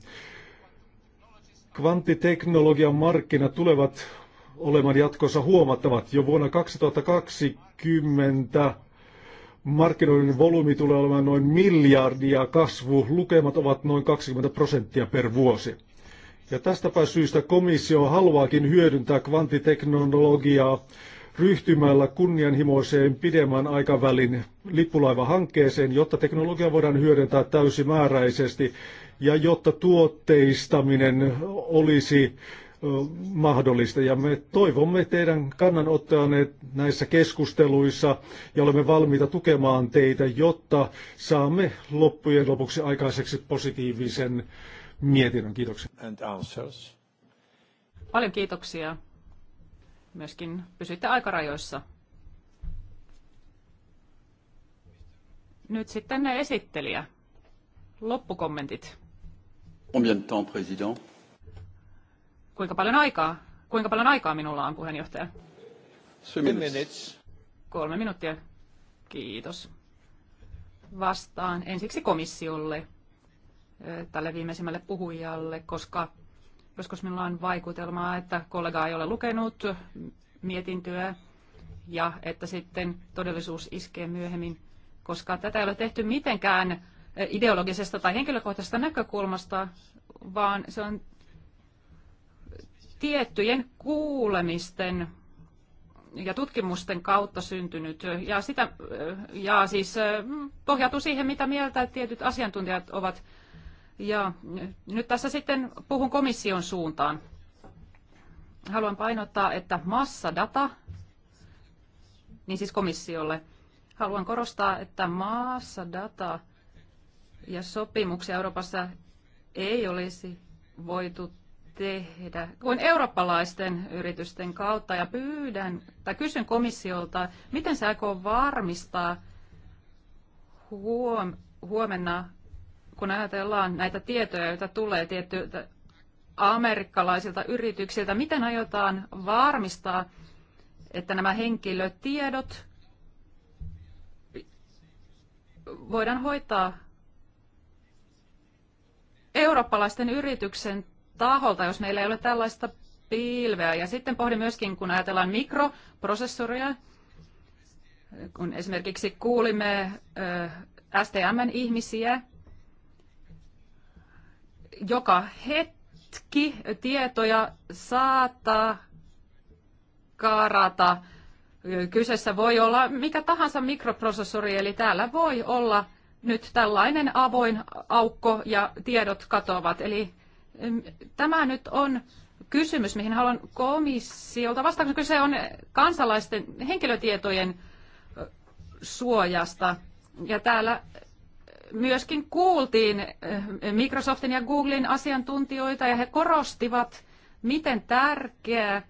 Kvanttiteknologian markkinat tulevat olemaan jatkossa huomattavat. Jo vuonna 2020 markkinoiden volyymi tulee olemaan noin miljardia kasvu. Lukemat ovat noin 20 prosenttia per vuosi. Ja tästäpä syystä komissio haluaakin hyödyntää kvanttiteknologiaa ryhtymällä kunnianhimoiseen pidemmän aikavälin lippulaivahankkeeseen, jotta teknologia voidaan hyödyntää täysimääräisesti ja jotta tuotteistaminen olisi mahdollista. Ja me toivomme teidän kannanottajanne näissä keskusteluissa ja olemme valmiita tukemaan teitä, jotta saamme loppujen lopuksi aikaiseksi positiivisen mietinnön. Kiitoksia. Paljon kiitoksia myöskin pysyitte aikarajoissa. Nyt sitten ne esittelijä. Loppukommentit. Combien de temps, président? Kuinka paljon aikaa? Kuinka paljon aikaa minulla on, puheenjohtaja? Minutes. Kolme minuuttia. Kiitos. Vastaan ensiksi komissiolle, eh, tälle viimeisimmälle puhujalle, koska Joskus minulla on vaikutelmaa, että kollega ei ole lukenut mietintöä ja että sitten todellisuus iskee myöhemmin, koska tätä ei ole tehty mitenkään eh, ideologisesta tai henkilökohtaisesta näkökulmasta, vaan se on tiettyjen kuulemisten ja tutkimusten kautta syntynyt ja, sitä, eh, ja siis eh, mm, pohjautuu siihen, mitä mieltä tietyt asiantuntijat ovat ja nyt tässä sitten puhun komission suuntaan. Haluan painottaa, että massadata, niin siis komissiolle, haluan korostaa, että massadata ja sopimuksia Euroopassa ei olisi voitu tehdä kuin eurooppalaisten yritysten kautta ja pyydän tai kysyn komissiolta, miten se aikoo varmistaa huom- huomenna kun ajatellaan näitä tietoja, joita tulee tiettyiltä amerikkalaisilta yrityksiltä, miten aiotaan varmistaa, että nämä henkilötiedot voidaan hoitaa eurooppalaisten yrityksen taholta, jos meillä ei ole tällaista pilveä. Ja sitten pohdin myöskin, kun ajatellaan mikroprosessoria, kun esimerkiksi kuulimme stm ihmisiä, joka hetki tietoja saattaa karata. Kyseessä voi olla mikä tahansa mikroprosessori, eli täällä voi olla nyt tällainen avoin aukko ja tiedot katoavat. Eli tämä nyt on kysymys, mihin haluan komissiolta vastata, koska kyse on kansalaisten henkilötietojen suojasta. Ja täällä myöskin kuultiin eh, Microsoftin ja Googlen asiantuntijoita ja he korostivat, miten tärkeä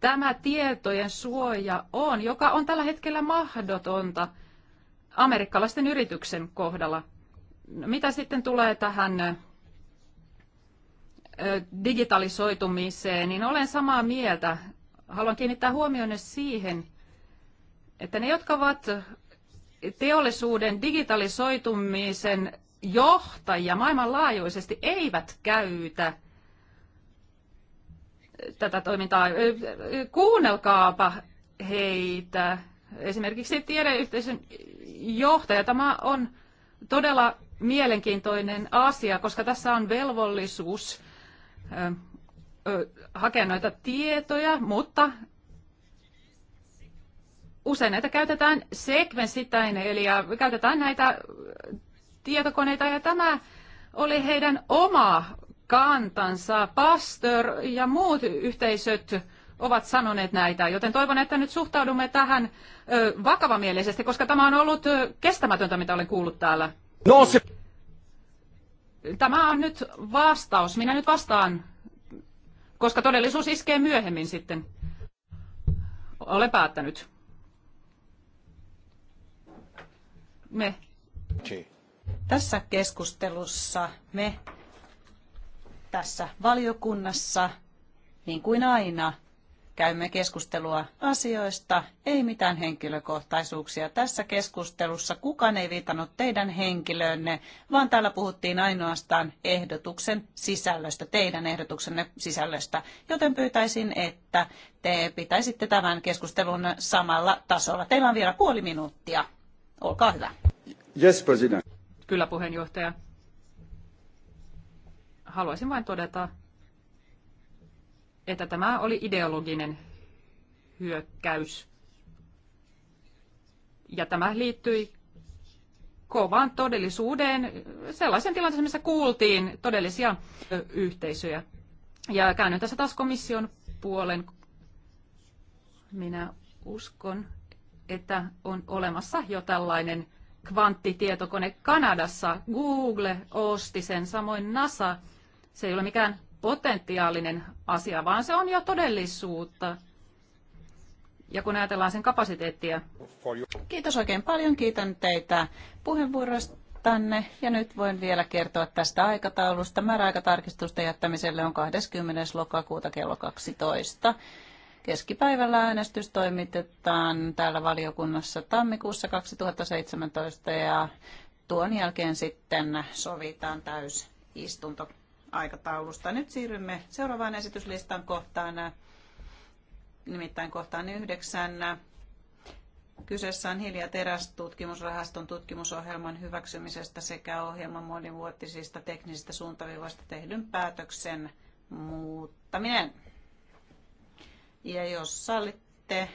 tämä tietojen suoja on, joka on tällä hetkellä mahdotonta amerikkalaisten yrityksen kohdalla. Mitä sitten tulee tähän eh, digitalisoitumiseen, niin olen samaa mieltä. Haluan kiinnittää huomionne siihen, että ne, jotka ovat teollisuuden digitalisoitumisen johtajia maailmanlaajuisesti eivät käytä tätä toimintaa. Kuunnelkaapa heitä. Esimerkiksi tiedeyhteisön johtaja. Tämä on todella mielenkiintoinen asia, koska tässä on velvollisuus hakea noita tietoja, mutta usein näitä käytetään sekvenssittäin, eli käytetään näitä äh, tietokoneita, ja tämä oli heidän oma kantansa. Pastor ja muut yhteisöt ovat sanoneet näitä, joten toivon, että nyt suhtaudumme tähän ö, vakavamielisesti, koska tämä on ollut ö, kestämätöntä, mitä olen kuullut täällä. No, se... Tämä on nyt vastaus. Minä nyt vastaan, koska todellisuus iskee myöhemmin sitten. Olen päättänyt. me tässä keskustelussa, me tässä valiokunnassa, niin kuin aina, käymme keskustelua asioista, ei mitään henkilökohtaisuuksia. Tässä keskustelussa kukaan ei viitannut teidän henkilöönne, vaan täällä puhuttiin ainoastaan ehdotuksen sisällöstä, teidän ehdotuksenne sisällöstä. Joten pyytäisin, että te pitäisitte tämän keskustelun samalla tasolla. Teillä on vielä puoli minuuttia. Olkaa hyvä. Yes, president. Kyllä, puheenjohtaja. Haluaisin vain todeta, että tämä oli ideologinen hyökkäys. Ja tämä liittyi kovaan todellisuuteen, sellaisen tilanteeseen, missä kuultiin todellisia yhteisöjä. Ja käännyn tässä taas komission puolen. Minä uskon, että on olemassa jo tällainen kvanttitietokone Kanadassa. Google osti sen, samoin NASA. Se ei ole mikään potentiaalinen asia, vaan se on jo todellisuutta. Ja kun ajatellaan sen kapasiteettia. Kiitos oikein paljon. Kiitän teitä Tänne. Ja nyt voin vielä kertoa tästä aikataulusta. Määräaikatarkistusten jättämiselle on 20. lokakuuta kello 12. Keskipäivällä äänestys toimitetaan täällä valiokunnassa tammikuussa 2017 ja tuon jälkeen sitten sovitaan täysistunto aikataulusta. Nyt siirrymme seuraavaan esityslistan kohtaan, nimittäin kohtaan yhdeksän. Kyseessä on hilja- ja terästutkimusrahaston tutkimusohjelman hyväksymisestä sekä ohjelman monivuotisista teknisistä suuntaviivoista tehdyn päätöksen muuttaminen. Ja jos sallitte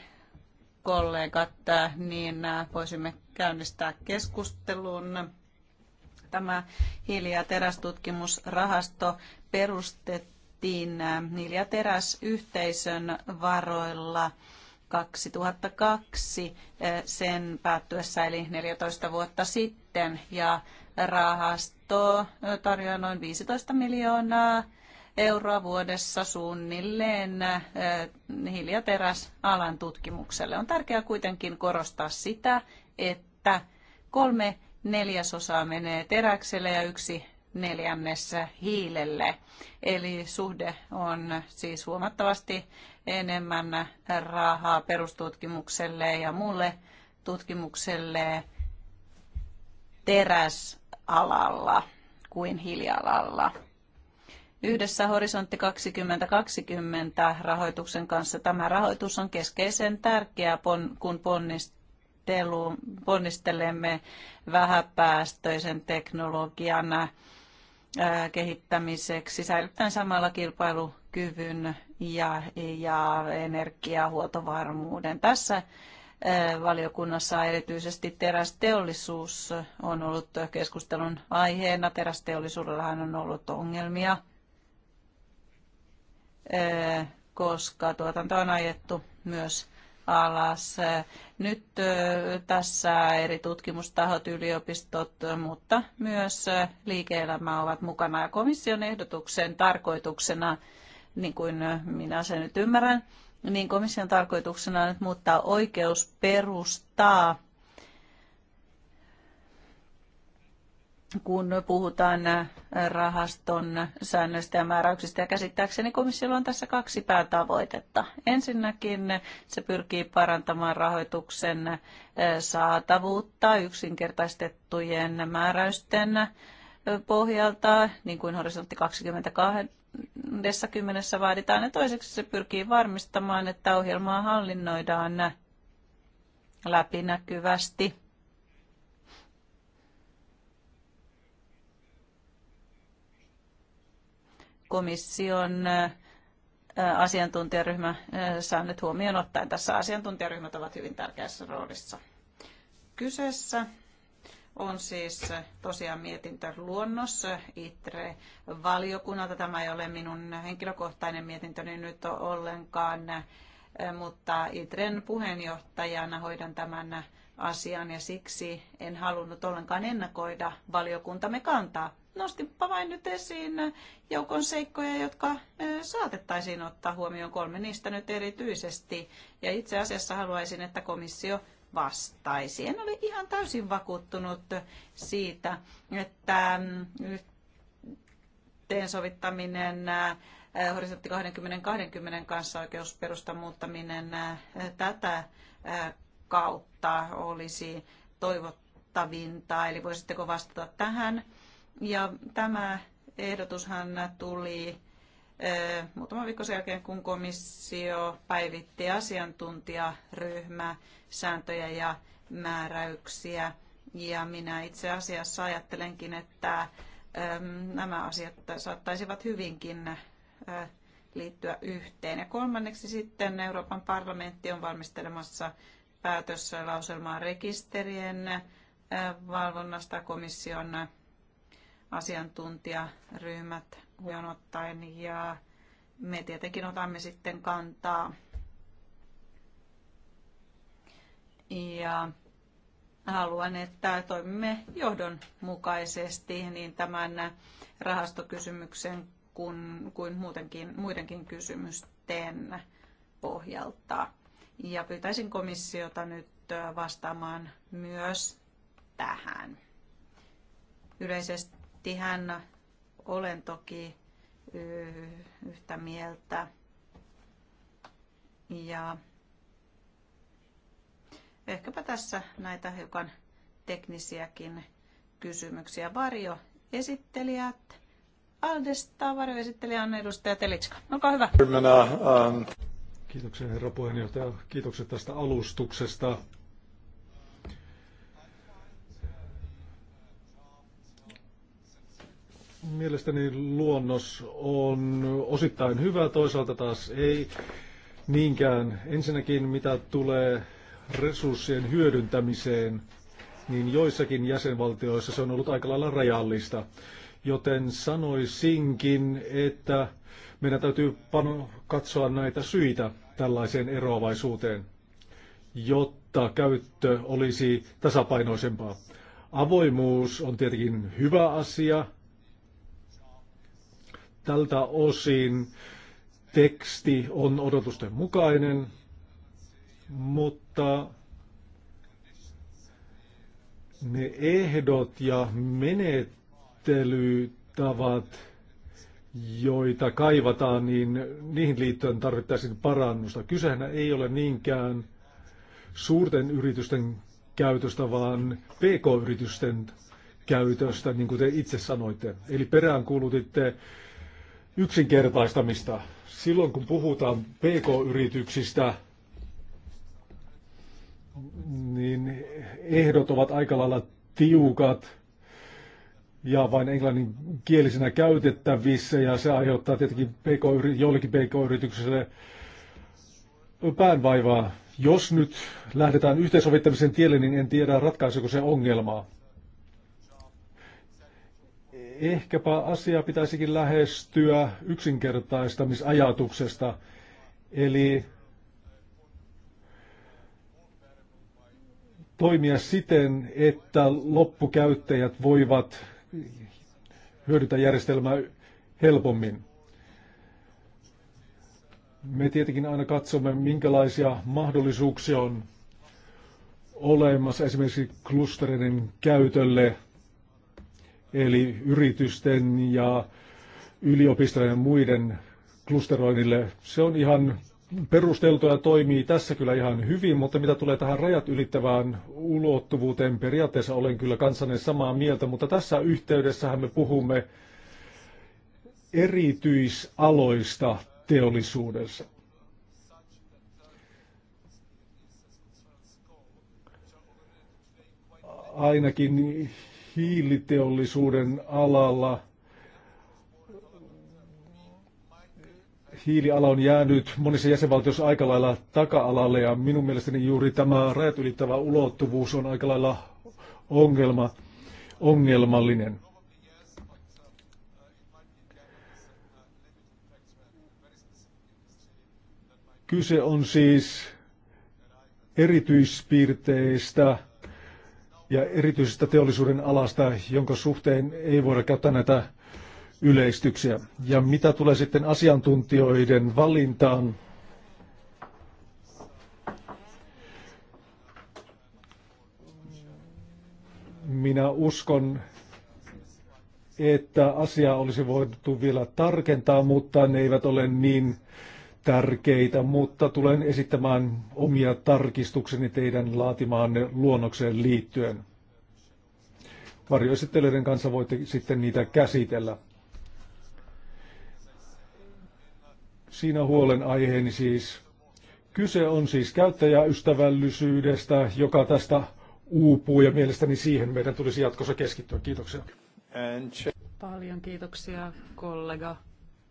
kollegat, niin äh, voisimme käynnistää keskustelun. Tämä hiili- ja terästutkimusrahasto perustettiin äh, hiili- ja teräsyhteisön varoilla 2002 äh, sen päättyessä eli 14 vuotta sitten ja rahasto tarjoaa noin 15 miljoonaa euroa vuodessa suunnilleen äh, hiljateräsalan tutkimukselle. On tärkeää kuitenkin korostaa sitä, että kolme neljäsosaa menee teräkselle ja yksi neljännessä hiilelle. Eli suhde on siis huomattavasti enemmän rahaa perustutkimukselle ja muulle tutkimukselle teräsalalla kuin hiilialalla yhdessä Horisontti 2020 rahoituksen kanssa. Tämä rahoitus on keskeisen tärkeä kun ponnistelemme vähäpäästöisen teknologian kehittämiseksi, säilyttäen samalla kilpailukyvyn ja, ja energiahuoltovarmuuden. Tässä valiokunnassa erityisesti terästeollisuus on ollut keskustelun aiheena. Terästeollisuudellahan on ollut ongelmia – Eh, koska tuotanto on ajettu myös alas. Nyt eh, tässä eri tutkimustahot, yliopistot, mutta myös eh, liike-elämä ovat mukana. Ja komission ehdotuksen tarkoituksena, niin kuin minä sen nyt ymmärrän, niin komission tarkoituksena on nyt muuttaa oikeusperustaa kun puhutaan rahaston säännöistä ja määräyksistä. Ja käsittääkseni komissiolla on tässä kaksi päätavoitetta. Ensinnäkin se pyrkii parantamaan rahoituksen eh, saatavuutta yksinkertaistettujen määräysten eh, pohjalta, niin kuin horisontti 2020 vaaditaan. Ja toiseksi se pyrkii varmistamaan, että ohjelmaa hallinnoidaan läpinäkyvästi komission asiantuntijaryhmä saa nyt huomioon ottaen. Tässä asiantuntijaryhmät ovat hyvin tärkeässä roolissa. Kyseessä on siis tosiaan luonnos ITRE-valiokunnalta. Tämä ei ole minun henkilökohtainen mietintöni niin nyt ollenkaan, mutta ITREn puheenjohtajana hoidan tämän asian ja siksi en halunnut ollenkaan ennakoida valiokuntamme kantaa nostinpa vain nyt esiin joukon seikkoja, jotka saatettaisiin ottaa huomioon. Kolme niistä nyt erityisesti. Ja itse asiassa haluaisin, että komissio vastaisi. En ole ihan täysin vakuuttunut siitä, että mm, sovittaminen horisontti 2020 kanssa oikeusperustan muuttaminen tätä kautta olisi toivottavinta. Eli voisitteko vastata tähän? Ja tämä ehdotushan tuli eh, muutama viikko sen jälkeen, kun komissio päivitti asiantuntijaryhmä sääntöjä ja määräyksiä. Ja minä itse asiassa ajattelenkin, että nämä asiat saattaisivat hyvinkin eh, liittyä yhteen. Ja kolmanneksi sitten Euroopan parlamentti on valmistelemassa päätöslauselmaa rekisterien eh, valvonnasta komission asiantuntijaryhmät huomioon ottaen ja me tietenkin otamme sitten kantaa ja haluan, että toimimme johdonmukaisesti niin tämän rahastokysymyksen kuin, kuin muutenkin, muidenkin kysymysten pohjalta. Ja pyytäisin komissiota nyt vastaamaan myös tähän. Yleisesti Tähän olen toki yhtä mieltä. Ja ehkäpä tässä näitä hiukan teknisiäkin kysymyksiä. Varjo, esittelijät. Aldesta esittelijä on edustaja Telitska. Olkaa hyvä. Ähm. Kiitoksia herra puheenjohtaja. Kiitokset tästä alustuksesta. Mielestäni luonnos on osittain hyvä, toisaalta taas ei niinkään. Ensinnäkin mitä tulee resurssien hyödyntämiseen, niin joissakin jäsenvaltioissa se on ollut aika lailla rajallista. Joten sanoisinkin, että meidän täytyy pano katsoa näitä syitä tällaiseen eroavaisuuteen, jotta käyttö olisi tasapainoisempaa. Avoimuus on tietenkin hyvä asia, Tältä osin teksti on odotusten mukainen, mutta ne ehdot ja menettelytavat, joita kaivataan, niin niihin liittyen tarvittaisiin parannusta. Kysehän ei ole niinkään suurten yritysten käytöstä, vaan pk-yritysten käytöstä, niin kuin te itse sanoitte. Eli peräänkuulutitte kuulutitte yksinkertaistamista. Silloin kun puhutaan PK-yrityksistä, niin ehdot ovat aika lailla tiukat ja vain englannin kielisenä käytettävissä ja se aiheuttaa tietenkin PK, joillekin PK-yritykselle päänvaivaa. Jos nyt lähdetään yhteensovittamisen tielle, niin en tiedä ratkaiseeko se ongelmaa ehkäpä asia pitäisikin lähestyä yksinkertaistamisajatuksesta. Eli toimia siten, että loppukäyttäjät voivat hyödyntää järjestelmää helpommin. Me tietenkin aina katsomme, minkälaisia mahdollisuuksia on olemassa esimerkiksi klustereiden käytölle eli yritysten ja yliopistojen ja muiden klusteroinnille. Se on ihan perusteltu ja toimii tässä kyllä ihan hyvin, mutta mitä tulee tähän rajat ylittävään ulottuvuuteen, periaatteessa olen kyllä kanssanne samaa mieltä, mutta tässä yhteydessähän me puhumme erityisaloista teollisuudessa. Ainakin hiiliteollisuuden alalla hiiliala on jäänyt monissa jäsenvaltioissa aika lailla taka-alalle ja minun mielestäni juuri tämä rajat ylittävä ulottuvuus on aika lailla ongelma, ongelmallinen. Kyse on siis erityispiirteistä, ja erityisestä teollisuuden alasta, jonka suhteen ei voida käyttää näitä yleistyksiä. Ja mitä tulee sitten asiantuntijoiden valintaan, minä uskon, että asia olisi voitu vielä tarkentaa, mutta ne eivät ole niin tärkeitä, mutta tulen esittämään omia tarkistukseni teidän laatimaanne luonnokseen liittyen. Varjoesittelijöiden kanssa voitte sitten niitä käsitellä. Siinä huolen aiheeni siis. Kyse on siis käyttäjäystävällisyydestä, joka tästä uupuu ja mielestäni siihen meidän tulisi jatkossa keskittyä. Kiitoksia. Paljon kiitoksia kollega.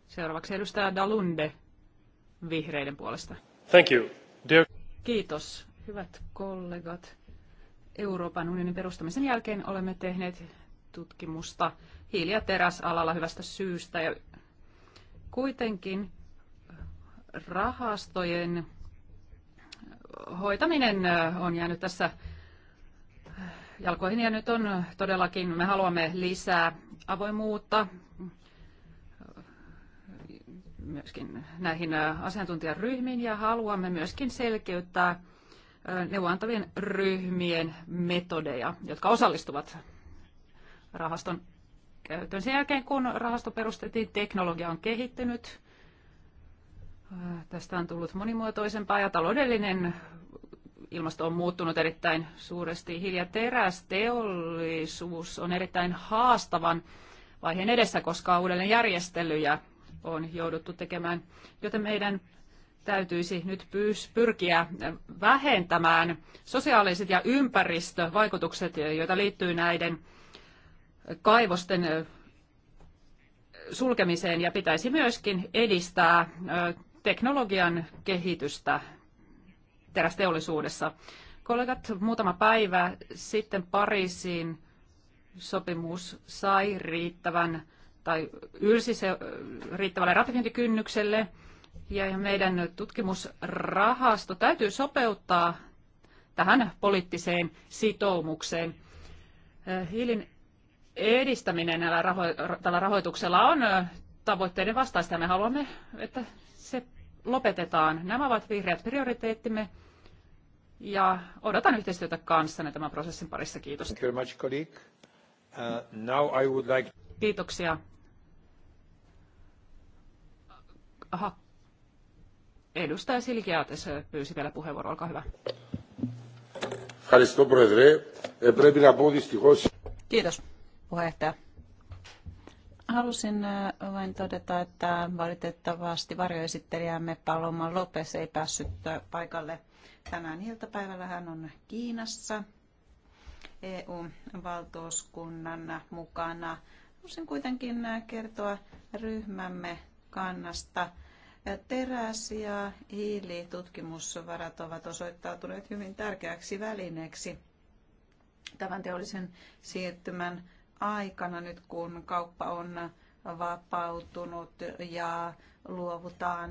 Seuraavaksi edustaja Dalunde vihreiden puolesta. Thank you. Dear... Kiitos, hyvät kollegat. Euroopan unionin perustamisen jälkeen olemme tehneet tutkimusta hiili- ja teräsalalla hyvästä syystä. Ja kuitenkin rahastojen hoitaminen on jäänyt tässä jalkoihin ja nyt on todellakin, me haluamme lisää avoimuutta myöskin näihin äh, asiantuntijaryhmiin ja haluamme myöskin selkeyttää äh, neuvoantavien ryhmien metodeja, jotka osallistuvat rahaston käytön. Sen jälkeen, kun rahasto perustettiin, teknologia on kehittynyt. Äh, tästä on tullut monimuotoisempaa ja taloudellinen ilmasto on muuttunut erittäin suuresti. Hilja terästeollisuus on erittäin haastavan vaiheen edessä, koska uudelleen järjestelyjä on jouduttu tekemään, joten meidän täytyisi nyt pyrkiä vähentämään sosiaaliset ja ympäristövaikutukset, joita liittyy näiden kaivosten sulkemiseen ja pitäisi myöskin edistää teknologian kehitystä terästeollisuudessa. Kollegat, muutama päivä sitten Pariisiin sopimus sai riittävän tai ylsi se riittävälle ratifiointikynnykselle. Ja meidän tutkimusrahasto täytyy sopeuttaa tähän poliittiseen sitoumukseen. Hiilin edistäminen näillä raho- tällä rahoituksella on tavoitteiden vastaista. Me haluamme, että se lopetetaan. Nämä ovat vihreät prioriteettimme ja odotan yhteistyötä kanssanne tämän prosessin parissa. Kiitos. Uh, Kiitoksia. Aha. Edustaja Silkiaates pyysi vielä puheenvuoro, olkaa hyvä. Kiitos, puheenjohtaja. Halusin vain todeta, että valitettavasti varjoesittelijämme Paloma Lopes ei päässyt paikalle tänään iltapäivällä. Hän on Kiinassa EU-valtuuskunnan mukana. Haluaisin kuitenkin kertoa ryhmämme kannasta Teräs- ja hiilitutkimusvarat ovat osoittautuneet hyvin tärkeäksi välineeksi tämän teollisen siirtymän aikana, nyt kun kauppa on vapautunut ja luovutaan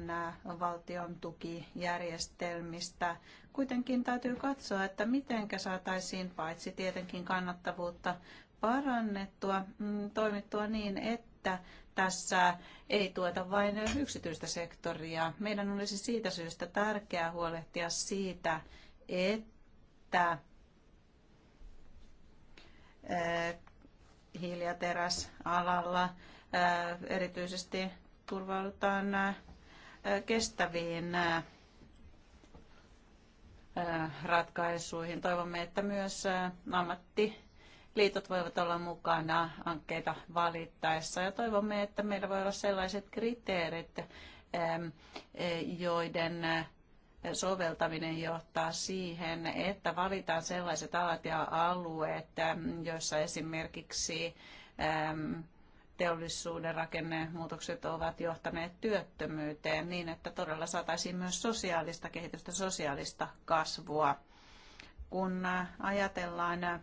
valtion tukijärjestelmistä. Kuitenkin täytyy katsoa, että miten saataisiin paitsi tietenkin kannattavuutta parannettua, mm, toimittua niin, että tässä ei tueta vain yksityistä sektoria. Meidän olisi siitä syystä tärkeää huolehtia siitä, että eh, hiili- ja teräsalalla eh, erityisesti turvaudutaan eh, kestäviin ratkaisuihin. Toivomme, että myös ammatti liitot voivat olla mukana hankkeita valittaessa. Ja toivomme, että meillä voi olla sellaiset kriteerit, e, joiden e, soveltaminen johtaa siihen, että valitaan sellaiset alat ja alueet, joissa esimerkiksi teollisuuden rakennemuutokset ovat johtaneet työttömyyteen niin, että todella saataisiin myös sosiaalista kehitystä, sosiaalista kasvua. Kun ajatellaan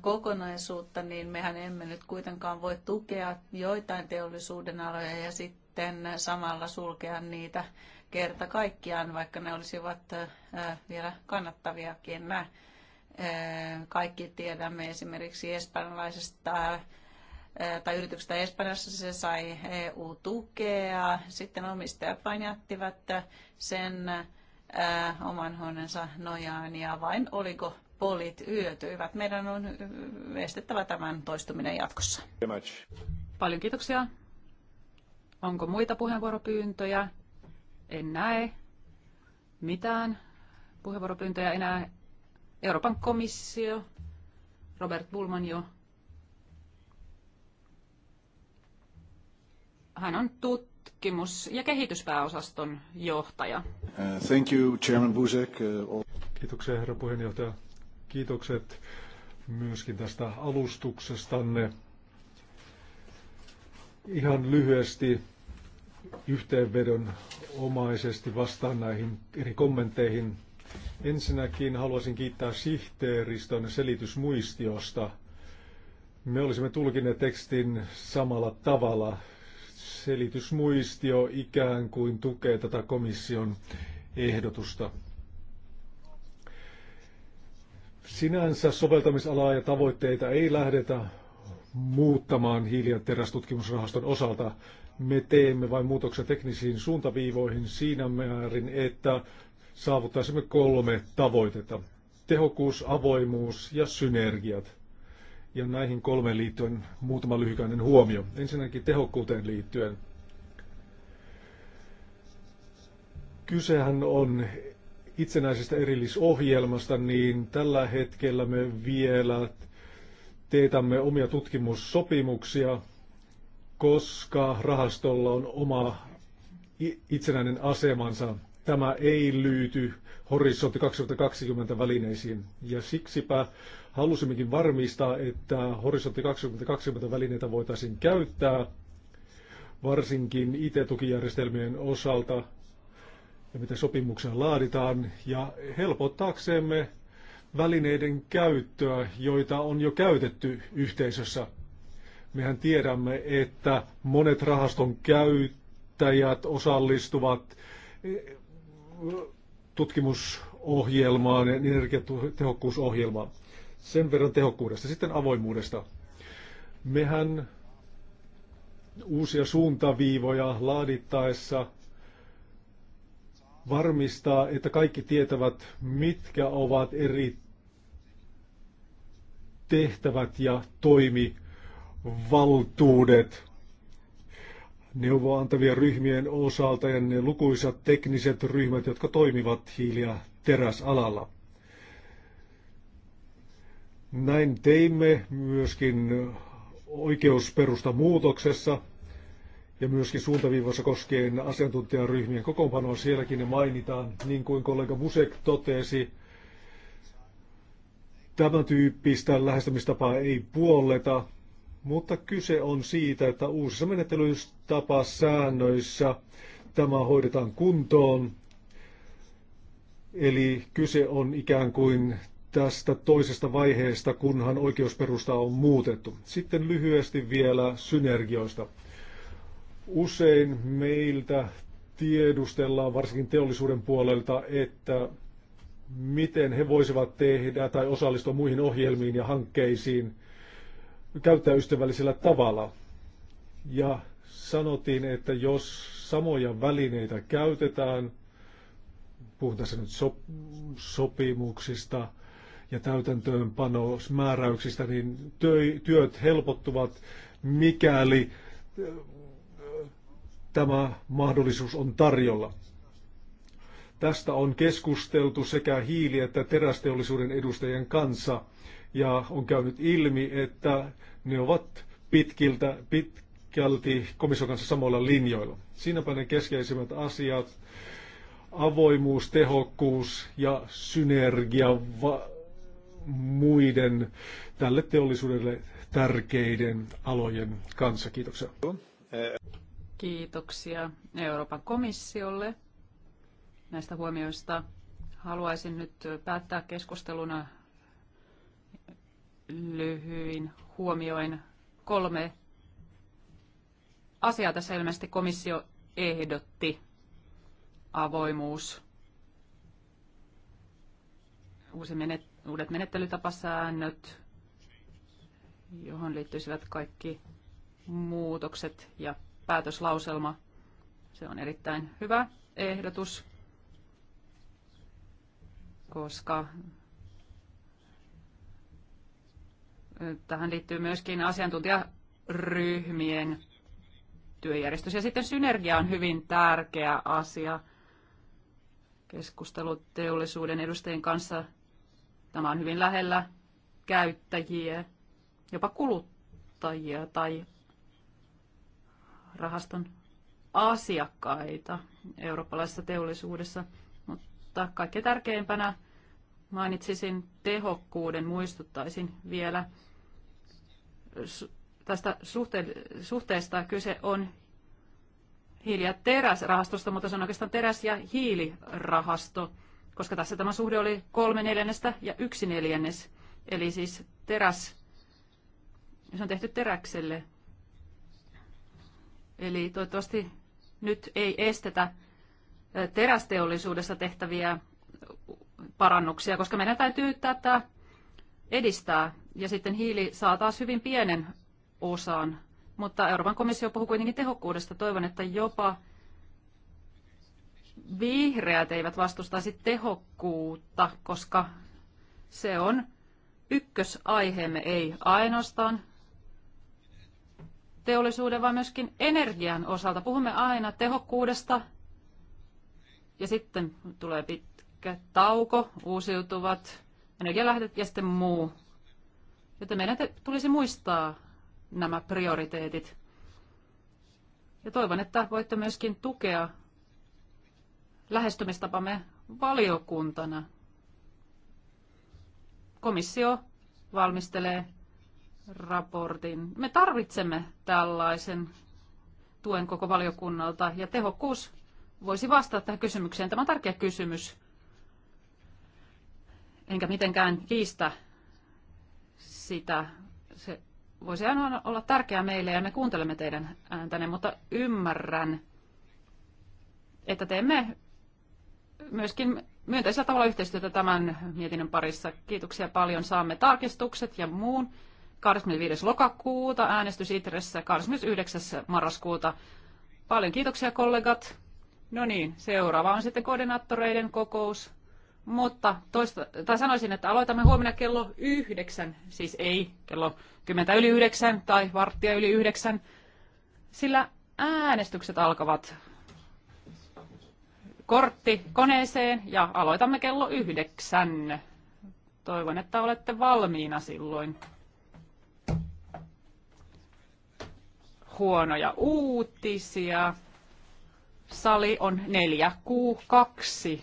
kokonaisuutta, niin mehän emme nyt kuitenkaan voi tukea joitain teollisuuden aloja ja sitten samalla sulkea niitä kerta kaikkiaan, vaikka ne olisivat vielä kannattaviakin. Kaikki tiedämme esimerkiksi espanjalaisesta tai yrityksestä Espanjassa se sai EU-tukea. Sitten omistajat vain jättivät sen oman huoneensa nojaan ja vain oliko polit yötyivät. Meidän on estettävä tämän toistuminen jatkossa. Paljon kiitoksia. Onko muita puheenvuoropyyntöjä? En näe mitään puheenvuoropyyntöjä enää. Euroopan komissio, Robert Bulman jo. Hän on tutkimus- ja kehityspääosaston johtaja. Uh, thank you, Chairman Buzek. Uh, kiitoksia, herra puheenjohtaja. Kiitokset myöskin tästä alustuksestanne. Ihan lyhyesti yhteenvedon omaisesti vastaan näihin eri kommentteihin. Ensinnäkin haluaisin kiittää sihteeristön selitysmuistiosta. Me olisimme tulkineet tekstin samalla tavalla. Selitysmuistio ikään kuin tukee tätä komission ehdotusta. Sinänsä soveltamisalaa ja tavoitteita ei lähdetä muuttamaan hiili- ja terästutkimusrahaston osalta. Me teemme vain muutoksia teknisiin suuntaviivoihin siinä määrin, että saavuttaisimme kolme tavoitetta. Tehokkuus, avoimuus ja synergiat. Ja näihin kolmeen liittyen muutama lyhykäinen huomio. Ensinnäkin tehokkuuteen liittyen. Kysehän on itsenäisestä erillisohjelmasta, niin tällä hetkellä me vielä teetämme omia tutkimussopimuksia, koska rahastolla on oma itsenäinen asemansa. Tämä ei lyyty Horisontti 2020 välineisiin. Ja siksipä halusimmekin varmistaa, että Horisontti 2020 välineitä voitaisiin käyttää varsinkin IT-tukijärjestelmien osalta ja miten sopimuksen laaditaan ja helpottaaksemme välineiden käyttöä, joita on jo käytetty yhteisössä. Mehän tiedämme, että monet rahaston käyttäjät osallistuvat eh, tutkimusohjelmaan ja energiatehokkuusohjelmaan. Sen verran tehokkuudesta. Sitten avoimuudesta. Mehän uusia suuntaviivoja laadittaessa – varmistaa, että kaikki tietävät, mitkä ovat eri tehtävät ja toimivaltuudet neuvoa antavien ryhmien osalta ja ne lukuisat tekniset ryhmät, jotka toimivat hiili- ja teräsalalla. Näin teimme myöskin oikeusperusta muutoksessa ja myöskin suuntaviivoissa koskien asiantuntijaryhmien kokoonpanoa. Sielläkin ne mainitaan, niin kuin kollega Busek totesi, tämän tyyppistä lähestymistapaa ei puolleta, mutta kyse on siitä, että uusissa menettelytapasäännöissä tämä hoidetaan kuntoon. Eli kyse on ikään kuin tästä toisesta vaiheesta, kunhan oikeusperusta on muutettu. Sitten lyhyesti vielä synergioista. Usein meiltä tiedustellaan varsinkin teollisuuden puolelta, että miten he voisivat tehdä tai osallistua muihin ohjelmiin ja hankkeisiin käyttäjäystävällisellä tavalla. Ja sanottiin, että jos samoja välineitä käytetään, puhutaan nyt sop- sopimuksista ja täytäntöönpanosmääräyksistä, niin työt helpottuvat, mikäli tämä mahdollisuus on tarjolla. Tästä on keskusteltu sekä hiili- että terästeollisuuden edustajien kanssa ja on käynyt ilmi, että ne ovat pitkiltä, pitkälti komission kanssa samoilla linjoilla. Siinäpä ne keskeisimmät asiat, avoimuus, tehokkuus ja synergia muiden tälle teollisuudelle tärkeiden alojen kanssa. Kiitoksia. Kiitoksia Euroopan komissiolle näistä huomioista. Haluaisin nyt päättää keskusteluna lyhyin huomioin kolme asiaa tässä ilmeisesti komissio ehdotti. Avoimuus, uusi menet, uudet menettelytapasäännöt, johon liittyisivät kaikki muutokset ja päätöslauselma. Se on erittäin hyvä ehdotus, koska tähän liittyy myöskin asiantuntijaryhmien työjärjestys. Ja sitten synergia on hyvin tärkeä asia. Keskustelu teollisuuden edustajien kanssa. Tämä on hyvin lähellä käyttäjiä, jopa kuluttajia tai rahaston asiakkaita eurooppalaisessa teollisuudessa, mutta kaikkein tärkeimpänä mainitsisin tehokkuuden, muistuttaisin vielä tästä suhte- suhteesta kyse on hiili- ja teräsrahastosta, mutta se on oikeastaan teräs- ja hiilirahasto, koska tässä tämä suhde oli kolme neljännestä ja yksi neljännes. Eli siis teräs, se on tehty teräkselle Eli toivottavasti nyt ei estetä terästeollisuudessa tehtäviä parannuksia, koska meidän täytyy tätä edistää. Ja sitten hiili saa taas hyvin pienen osan, mutta Euroopan komissio puhuu kuitenkin tehokkuudesta. Toivon, että jopa vihreät eivät vastustaisi tehokkuutta, koska se on ykkösaiheemme, ei ainoastaan teollisuuden, vaan myöskin energian osalta. Puhumme aina tehokkuudesta ja sitten tulee pitkä tauko, uusiutuvat energialähdet ja sitten muu. Joten meidän tulisi muistaa nämä prioriteetit. Ja toivon, että voitte myöskin tukea lähestymistapamme valiokuntana. Komissio valmistelee raportin. Me tarvitsemme tällaisen tuen koko valiokunnalta ja tehokkuus voisi vastata tähän kysymykseen. Tämä on tärkeä kysymys. Enkä mitenkään kiistä sitä. Se voisi aina olla tärkeää meille ja me kuuntelemme teidän ääntäne, mutta ymmärrän, että teemme myöskin myönteisellä tavalla yhteistyötä tämän mietinnön parissa. Kiitoksia paljon. Saamme tarkistukset ja muun. 25. lokakuuta, äänestys Itressä 29. marraskuuta. Paljon kiitoksia kollegat. No niin, seuraava on sitten koordinaattoreiden kokous. Mutta toista, tai sanoisin, että aloitamme huomenna kello yhdeksän, siis ei kello kymmentä yli yhdeksän tai varttia yli yhdeksän, sillä äänestykset alkavat kortti koneeseen ja aloitamme kello yhdeksän. Toivon, että olette valmiina silloin. huonoja uutisia. Sali on 4Q2.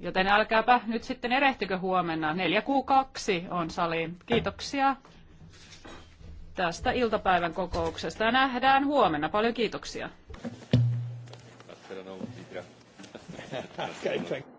Joten älkääpä nyt sitten erehtykö huomenna. 4Q2 on sali. Kiitoksia tästä iltapäivän kokouksesta ja nähdään huomenna. Paljon kiitoksia.